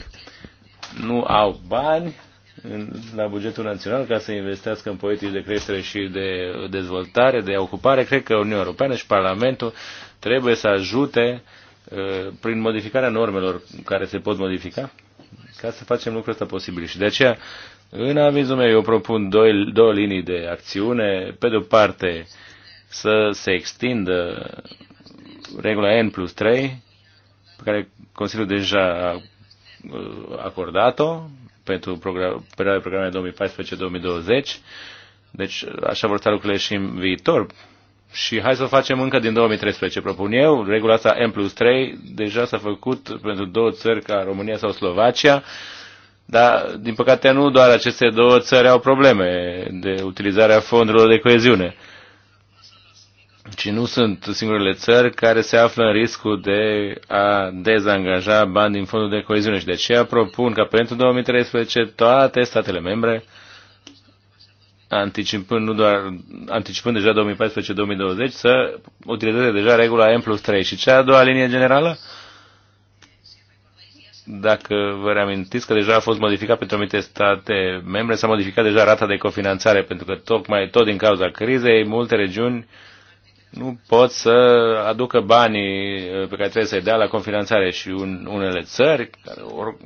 nu au bani în, la bugetul național ca să investească în politici de creștere și de dezvoltare, de ocupare, cred că Uniunea Europeană și Parlamentul trebuie să ajute uh, prin modificarea normelor care se pot modifica ca să facem lucrul ăsta posibil. Și de aceea, în avizul meu, eu propun doi, două linii de acțiune. Pe de-o parte, să se extindă regula N plus 3, pe care Consiliul deja a acordat-o pentru perioada de programare 2014-2020. Deci, așa vor sta lucrurile și în viitor și hai să facem încă din 2013, propun eu, regula asta M plus 3, deja s-a făcut pentru două țări ca România sau Slovacia, dar, din păcate, nu doar aceste două țări au probleme de utilizarea fondurilor de coeziune, ci nu sunt singurele țări care se află în riscul de a dezangaja bani din fondul de coeziune. Și de aceea propun ca pentru 2013 toate statele membre anticipând, nu doar, anticipând deja 2014-2020, să utilizeze deja regula M plus 3. Și cea a doua linie generală? Dacă vă reamintiți că deja a fost modificat pentru anumite state membre, s-a modificat deja rata de cofinanțare, pentru că tocmai tot din cauza crizei, multe regiuni nu pot să aducă banii uh, pe care trebuie să-i dea la cofinanțare și un, unele țări, care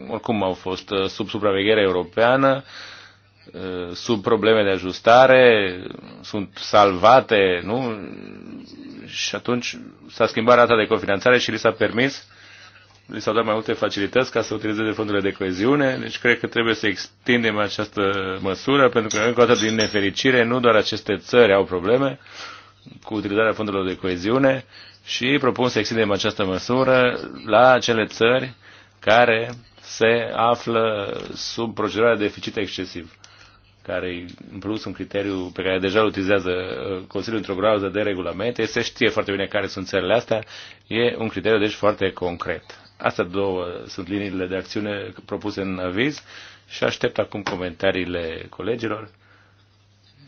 oricum au fost uh, sub supraveghere europeană, uh, Eh, sub probleme de ajustare, sunt salvate, nu? Și atunci s-a schimbat rata de cofinanțare și li s-a permis, li s-au dat mai multe facilități ca să utilizeze fondurile de coeziune, deci cred că trebuie să extindem această măsură, pentru că încă o dată din nefericire nu doar aceste țări au probleme cu utilizarea fondurilor de coeziune și propun să extindem această măsură la acele țări care se află sub procedura de deficit excesiv care în plus un criteriu pe care deja îl utilizează uh, Consiliul într-o groază de regulamente, se știe foarte bine care sunt țările astea, e un criteriu deci foarte concret. Astea două sunt liniile de acțiune propuse în aviz și aștept acum comentariile colegilor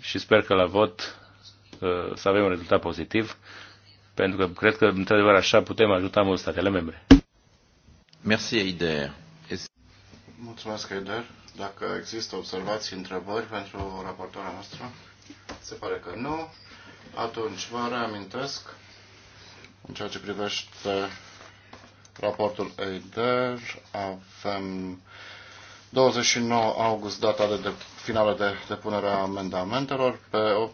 și sper că la vot uh, să avem un rezultat pozitiv, pentru că cred că, într-adevăr, așa putem ajuta mult statele membre. Merci, Eider. Mulțumesc, Eider. Dacă există observații, întrebări pentru raportoarea noastră, se pare că nu. Atunci vă reamintesc în ceea ce privește raportul EIDER, avem 29 august, data de, de finală de depunere a amendamentelor. Pe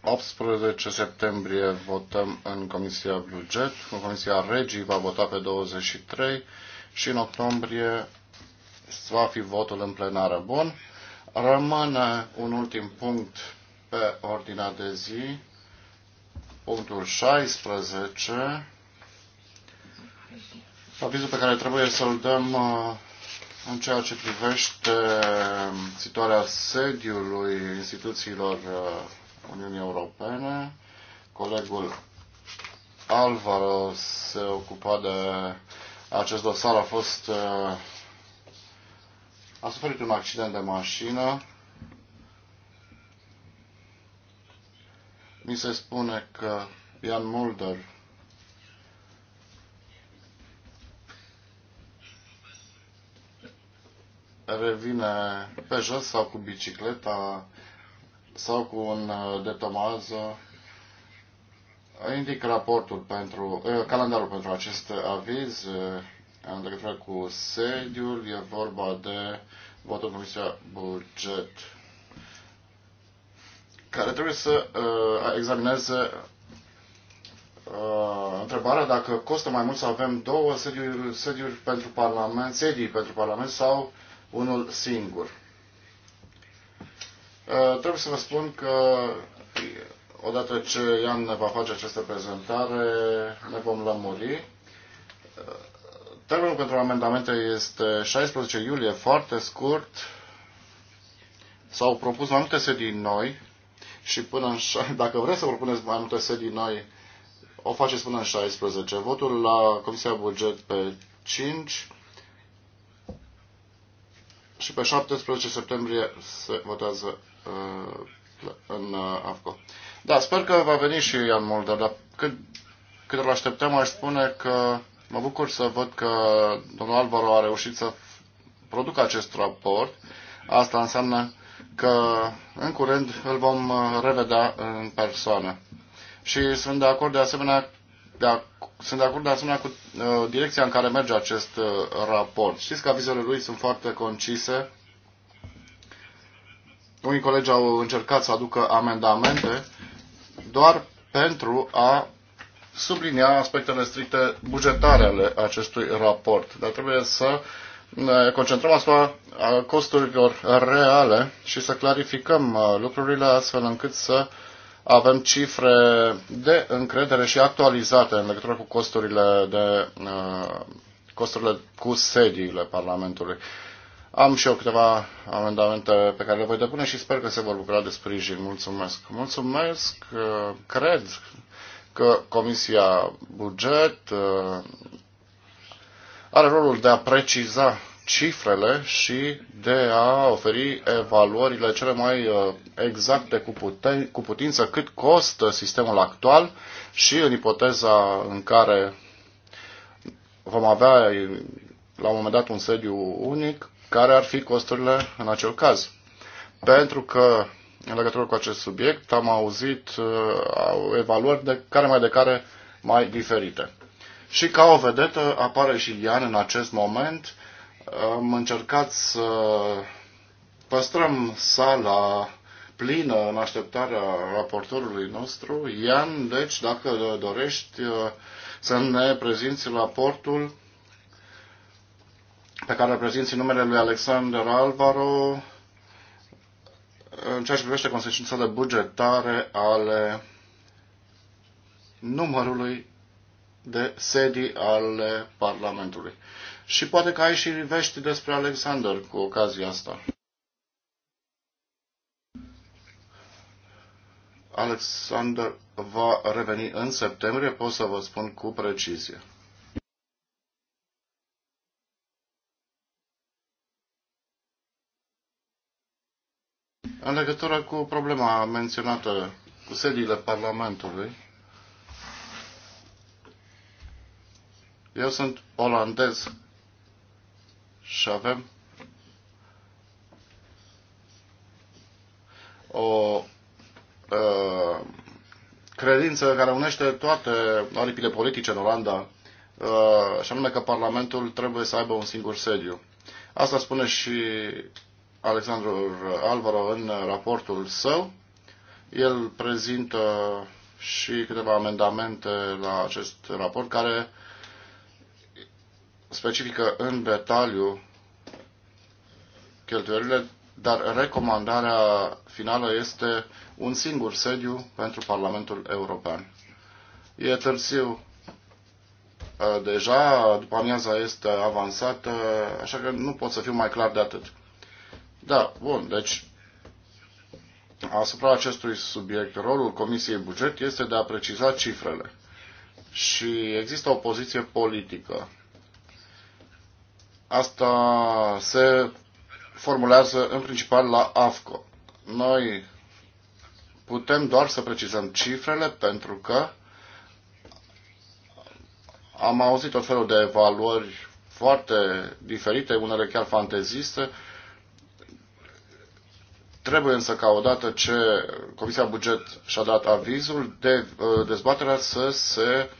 18 septembrie votăm în Comisia Buget, Comisia Regii va vota pe 23 și în octombrie va fi votul în plenară. Bun. Rămâne un ultim punct pe ordinea de zi, punctul 16, avizul pe care trebuie să-l dăm uh, în ceea ce privește uh, situarea sediului instituțiilor uh, Uniunii Europene. Colegul Alvaro se ocupa de acest dosar, a fost a suferit un accident de mașină. Mi se spune că Ian Mulder revine pe jos sau cu bicicleta sau cu un uh, detomază. Indic raportul pentru, uh, calendarul pentru acest aviz în legătură cu sediul, e vorba de votul Comisia Buget, care trebuie să uh, examineze uh, întrebarea dacă costă mai mult să avem două sediuri, sediuri pentru Parlament, sedii pentru Parlament sau unul singur. Uh, trebuie să vă spun că odată ce Ian ne va face această prezentare, ne vom lămuri. Uh, Termenul pentru amendamente este 16 iulie, foarte scurt. S-au propus mai multe sedii noi și până în, dacă vreți să propuneți mai multe sedii noi, o faceți până în 16. Votul la Comisia Buget pe 5 și pe 17 septembrie se votează uh, în uh, AFCO. Da, sper că va veni și Ian Mulder, dar cât, cât îl așteptăm, aș spune că Mă bucur să văd că domnul Alvaro a reușit să producă acest raport. Asta înseamnă că în curând îl vom revedea în persoană. Și sunt de acord de asemenea de a, sunt de acord de asemenea cu uh, direcția în care merge acest uh, raport. Știți că avizele lui sunt foarte concise. Unii colegi au încercat să aducă amendamente doar pentru a sublinia aspectele stricte bugetare ale acestui raport, dar trebuie să ne concentrăm asupra costurilor reale și să clarificăm lucrurile astfel încât să avem cifre de încredere și actualizate în legătură cu costurile, de, costurile cu sediile Parlamentului. Am și eu câteva amendamente pe care le voi depune și sper că se vor bucura de sprijin. Mulțumesc! Mulțumesc! Cred că Comisia Buget uh, are rolul de a preciza cifrele și de a oferi evaluările cele mai uh, exacte cu, puten- cu putință cât costă sistemul actual și în ipoteza în care vom avea la un moment dat un sediu unic, care ar fi costurile în acel caz. Pentru că în legătură cu acest subiect. Am auzit uh, evaluări de care mai de care mai diferite. Și ca o vedetă apare și Ian în acest moment. Am încercat să păstrăm sala plină în așteptarea raportorului nostru. Ian, deci, dacă dorești uh, să ne prezinți raportul pe care îl prezinți numele lui Alexander Alvaro, în ceea ce privește consecințele bugetare ale numărului de sedii ale Parlamentului. Și poate că ai și vești despre Alexander cu ocazia asta. Alexander va reveni în septembrie, pot să vă spun cu precizie. În legătură cu problema menționată cu sediile Parlamentului, eu sunt olandez și avem o uh, credință care unește toate aripile politice în Olanda, uh, și anume că Parlamentul trebuie să aibă un singur sediu. Asta spune și Alexandru Alvaro în raportul său. El prezintă și câteva amendamente la acest raport care specifică în detaliu cheltuielile, dar recomandarea finală este un singur sediu pentru Parlamentul European. E târziu uh, deja, după amiaza este avansată, așa că nu pot să fiu mai clar de atât. Da, bun, deci asupra acestui subiect, rolul Comisiei Buget este de a preciza cifrele. Și există o poziție politică. Asta se formulează în principal la AFCO. Noi putem doar să precizăm cifrele pentru că am auzit tot felul de evaluări foarte diferite, unele chiar fanteziste, Trebuie însă ca odată ce Comisia Buget și-a dat avizul, de, uh, dezbaterea să se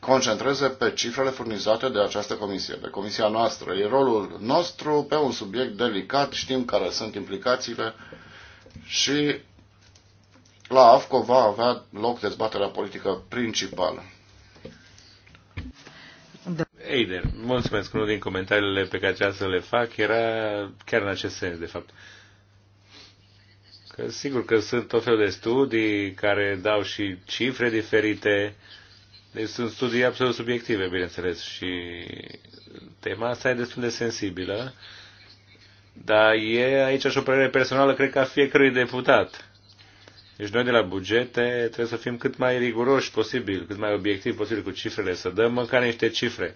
concentreze pe cifrele furnizate de această comisie, de comisia noastră. E rolul nostru pe un subiect delicat, știm care sunt implicațiile și la AFCO va avea loc dezbaterea politică principală. Da. Eider, mulțumesc. Unul din comentariile pe care trebuia să le fac era chiar în acest sens, de fapt. Uh, sigur că sunt tot felul de studii care dau și cifre diferite. Deci sunt studii absolut subiective, bineînțeles, și tema asta e destul de sensibilă. Dar e aici și o părere personală, cred că a fiecărui deputat. Deci noi de la bugete trebuie să fim cât mai riguroși posibil, cât mai obiectiv posibil cu cifrele, să dăm măcar niște cifre.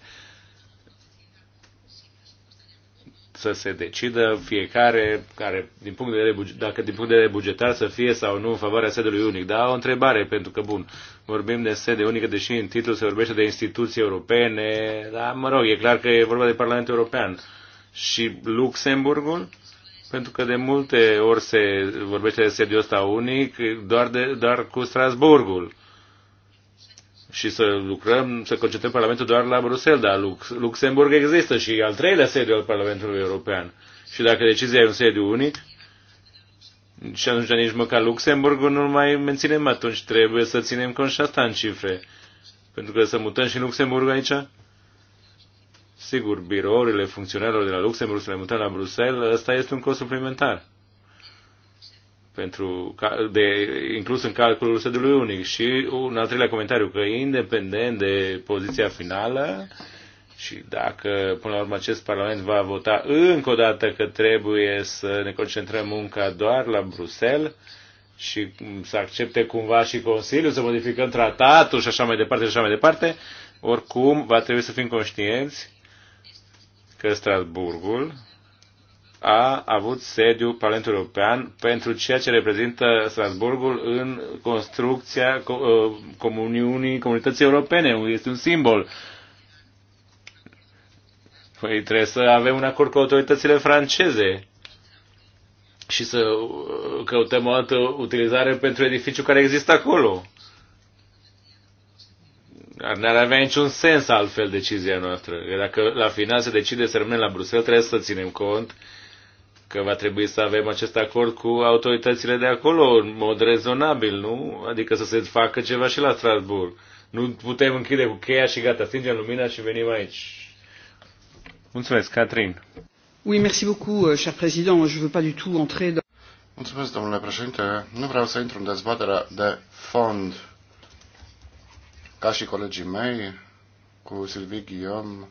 să se decidă fiecare, care, din punct de vedere, dacă din punct de vedere bugetar să fie sau nu în favoarea sedului unic. Dar o întrebare, pentru că, bun, vorbim de sede unică, deși în titlu se vorbește de instituții europene, dar, mă rog, e clar că e vorba de Parlamentul European. Și Luxemburgul? Pentru că de multe ori se vorbește de sediul ăsta unic doar, de, doar cu Strasburgul și să lucrăm, să concentrăm Parlamentul doar la Bruxelles, dar Lux, Luxemburg există și al treilea sediu al Parlamentului European. Și dacă decizia e un sediu unic, și atunci nici măcar Luxemburgul nu mai menținem atunci, trebuie să ținem cont și asta în cifre. Pentru că să mutăm și Luxemburg aici? Sigur, birourile funcționarilor de la Luxemburg să le mutăm la Bruxelles, ăsta este un cost suplimentar pentru, de, inclus în calculul sediului unic. Și un al treilea comentariu, că independent de poziția finală, și dacă, până la urmă, acest Parlament va vota încă o dată că trebuie să ne concentrăm munca doar la Bruxelles și să accepte cumva și Consiliul, să modificăm tratatul și așa mai departe și așa mai departe, oricum va trebui să fim conștienți că Strasburgul a avut sediu Parlamentul European pentru ceea ce reprezintă Strasburgul în construcția uh, comuniunii, comunității europene. Este un simbol. Păi trebuie să avem un acord cu autoritățile franceze și să uh, căutăm o altă utilizare pentru edificiul care există acolo. N-ar avea niciun sens altfel decizia noastră. Dacă la final se decide să rămânem la Bruxelles, trebuie să ținem cont că va trebui să avem acest acord cu autoritățile de acolo în mod rezonabil, nu? Adică să se facă ceva și la Strasburg. Nu putem închide cu cheia și gata, stingem lumina și venim aici. Mulțumesc, Catrin. Oui, merci beaucoup, euh, cher président. Je veux pas du tout entrer dans... Mulțumesc, domnule președinte. Nu vreau să intru în dezbaterea de fond. Ca și colegii mei, cu Silvii Guillaume,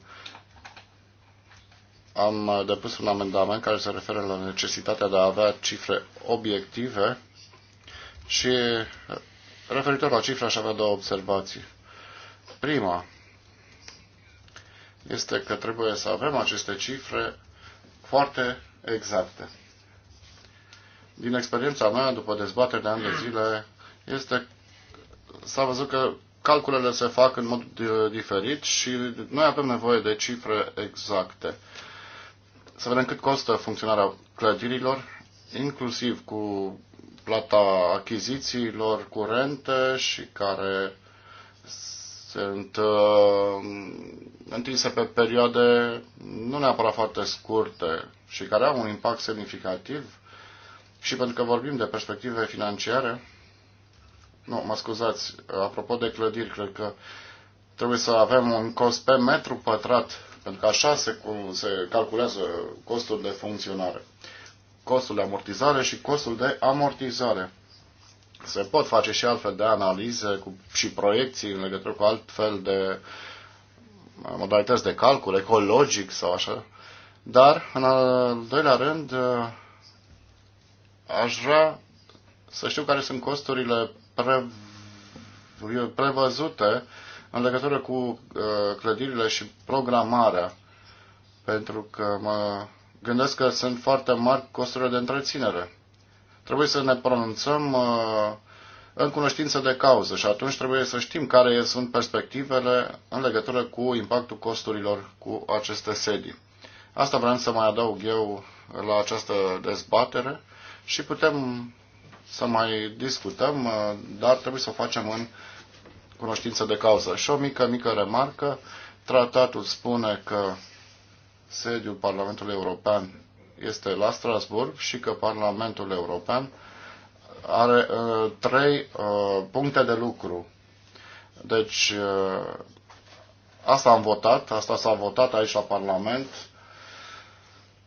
am uh, depus un amendament care se referă la necesitatea de a avea cifre obiective și uh, referitor la cifre aș avea două observații. Prima este că trebuie să avem aceste cifre foarte exacte. Din experiența mea, după dezbateri de ani de zile, este s-a văzut că calculele se fac în mod uh, diferit și noi avem nevoie de cifre exacte să vedem cât costă funcționarea clădirilor, inclusiv cu plata achizițiilor curente și care sunt uh, întinse pe perioade nu neapărat foarte scurte și care au un impact semnificativ și pentru că vorbim de perspective financiare, nu, mă scuzați, apropo de clădiri, cred că trebuie să avem un cost pe metru pătrat pentru că așa se, se calculează costul de funcționare. Costul de amortizare și costul de amortizare. Se pot face și altfel de analize cu, și proiecții în legătură cu altfel de uh, modalități de calcul, ecologic sau așa. Dar, în al doilea rând, uh, aș vrea să știu care sunt costurile pre, prevăzute în legătură cu uh, clădirile și programarea, pentru că mă gândesc că sunt foarte mari costurile de întreținere. Trebuie să ne pronunțăm uh, în cunoștință de cauză și atunci trebuie să știm care sunt perspectivele în legătură cu impactul costurilor cu aceste sedii. Asta vreau să mai adaug eu la această dezbatere și putem să mai discutăm, uh, dar trebuie să o facem în cunoștință de cauză. Și o mică, mică remarcă, tratatul spune că sediul Parlamentului European este la Strasburg și că Parlamentul European are uh, trei uh, puncte de lucru. Deci, uh, asta am votat, asta s-a votat aici la Parlament,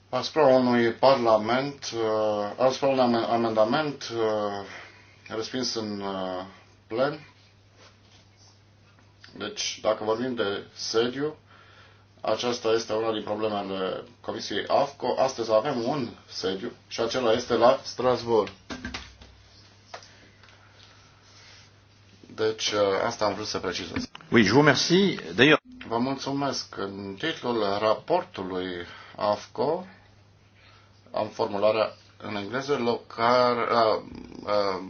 asupra unui Parlament, uh, asupra unui amendament uh, respins în uh, plen, deci, dacă vorbim de sediu, aceasta este una din problemele Comisiei AFCO. Astăzi avem un sediu și acela este la Strasbourg. Deci, uh, asta am vrut să precizez. Oui, je vous remercie. D'ailleurs... Vă mulțumesc. În titlul raportului AFCO am formularea în engleză local, uh, uh,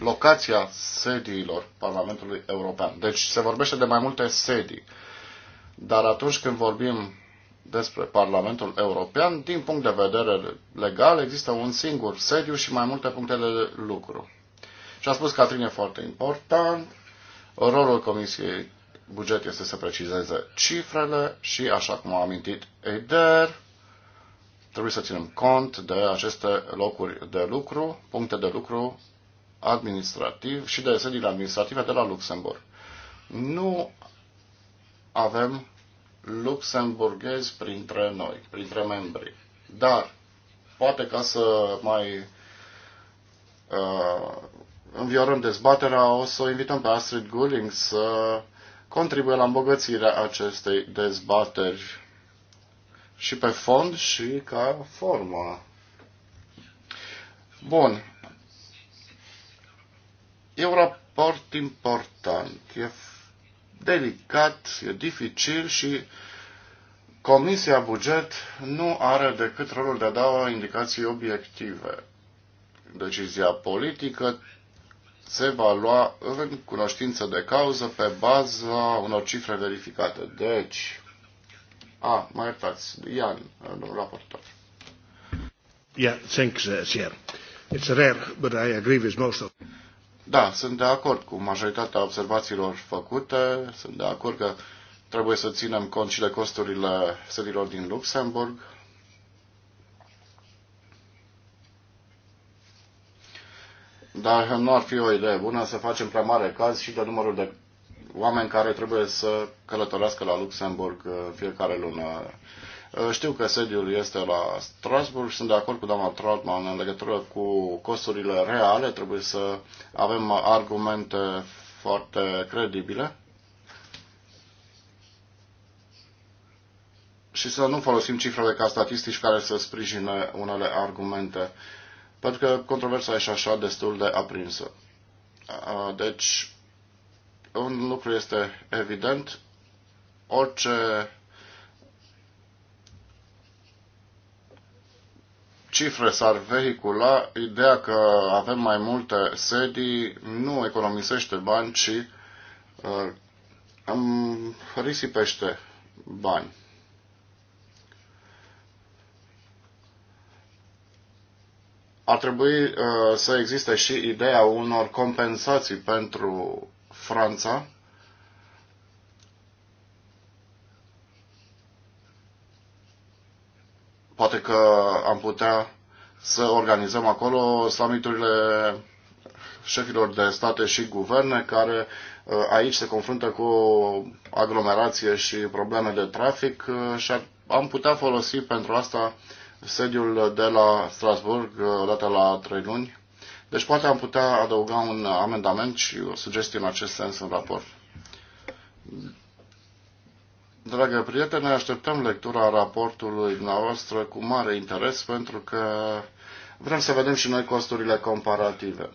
locația sediilor Parlamentului European. Deci se vorbește de mai multe sedii. Dar atunci când vorbim despre Parlamentul European, din punct de vedere legal, există un singur sediu și mai multe puncte de lucru. Și a spus Catrin e foarte important, rolul Comisiei Buget este să precizeze cifrele și, așa cum a amintit EDER, trebuie să ținem cont de aceste locuri de lucru, puncte de lucru administrativ și de sediile administrative de la Luxemburg. Nu avem luxemburghezi printre noi, printre membri. Dar, poate ca să mai uh, înviorăm dezbaterea, o să o invităm pe Astrid Gulling să contribuie la îmbogățirea acestei dezbateri și pe fond și ca formă. Bun, E un raport important, e delicat, e dificil și Comisia Buget nu are decât rolul de a da indicații obiective. Decizia politică se va lua în cunoștință de cauză pe baza unor cifre verificate. Deci, a, mă iertați, Ian, raportor. Yeah, thanks, uh, It's rare, but I agree with most of da, sunt de acord cu majoritatea observațiilor făcute, sunt de acord că trebuie să ținem cont și de costurile sediilor din Luxemburg. Dar nu ar fi o idee bună să facem prea mare caz și de numărul de oameni care trebuie să călătorească la Luxemburg uh, fiecare lună. Uh, știu că sediul este la Strasburg și sunt de acord cu doamna Trautmann în legătură cu costurile reale. Trebuie să avem argumente foarte credibile și să nu folosim cifrele ca statistici care să sprijine unele argumente, pentru că controversa e și așa destul de aprinsă. Uh, deci, un lucru este evident, orice cifre s-ar vehicula, ideea că avem mai multe sedii nu economisește bani, ci uh, risipește bani. Ar trebui uh, să existe și ideea unor compensații pentru Franța, Poate că am putea să organizăm acolo summiturile șefilor de state și guverne care uh, aici se confruntă cu aglomerație și probleme de trafic uh, și am putea folosi pentru asta sediul de la Strasburg uh, odată la trei luni. Deci poate am putea adăuga un amendament și o sugestie în acest sens în raport. Dragă prietene, așteptăm lectura raportului noastră cu mare interes pentru că vrem să vedem și noi costurile comparative.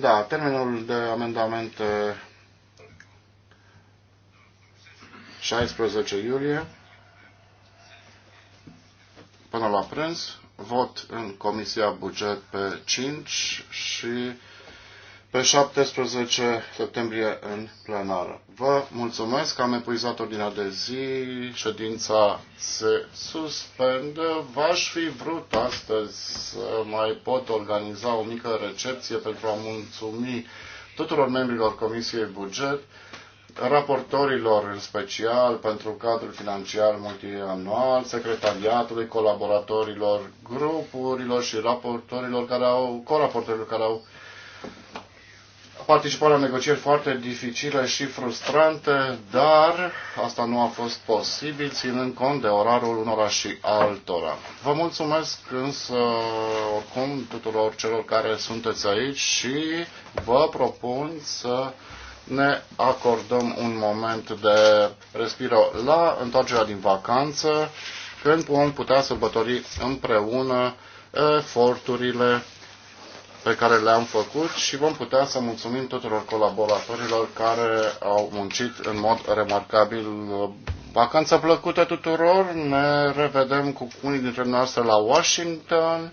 Da, termenul de amendament 16 iulie până la prânz, vot în Comisia Buget pe 5 și pe 17 septembrie în plenară. Vă mulțumesc că am epuizat ordinea de zi, ședința se suspendă. V-aș fi vrut astăzi să mai pot organiza o mică recepție pentru a mulțumi tuturor membrilor Comisiei Buget, raportorilor în special pentru cadrul financiar multianual, secretariatului, colaboratorilor, grupurilor și raportorilor care au, coraportorilor care au participat la negocieri foarte dificile și frustrante, dar asta nu a fost posibil, ținând cont de orarul unora și altora. Vă mulțumesc însă oricum tuturor celor care sunteți aici și vă propun să ne acordăm un moment de respiro la întoarcerea din vacanță, când vom putea sărbători împreună eforturile pe care le-am făcut și vom putea să mulțumim tuturor colaboratorilor care au muncit în mod remarcabil. Vacanță plăcută tuturor, ne revedem cu unii dintre noastre la Washington,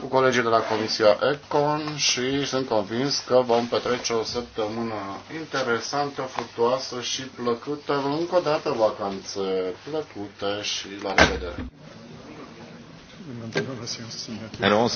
cu colegii de la Comisia Econ și sunt convins că vom petrece o săptămână interesantă, fructuoasă și plăcută. Încă o dată vacanțe plăcute și la revedere! Alors on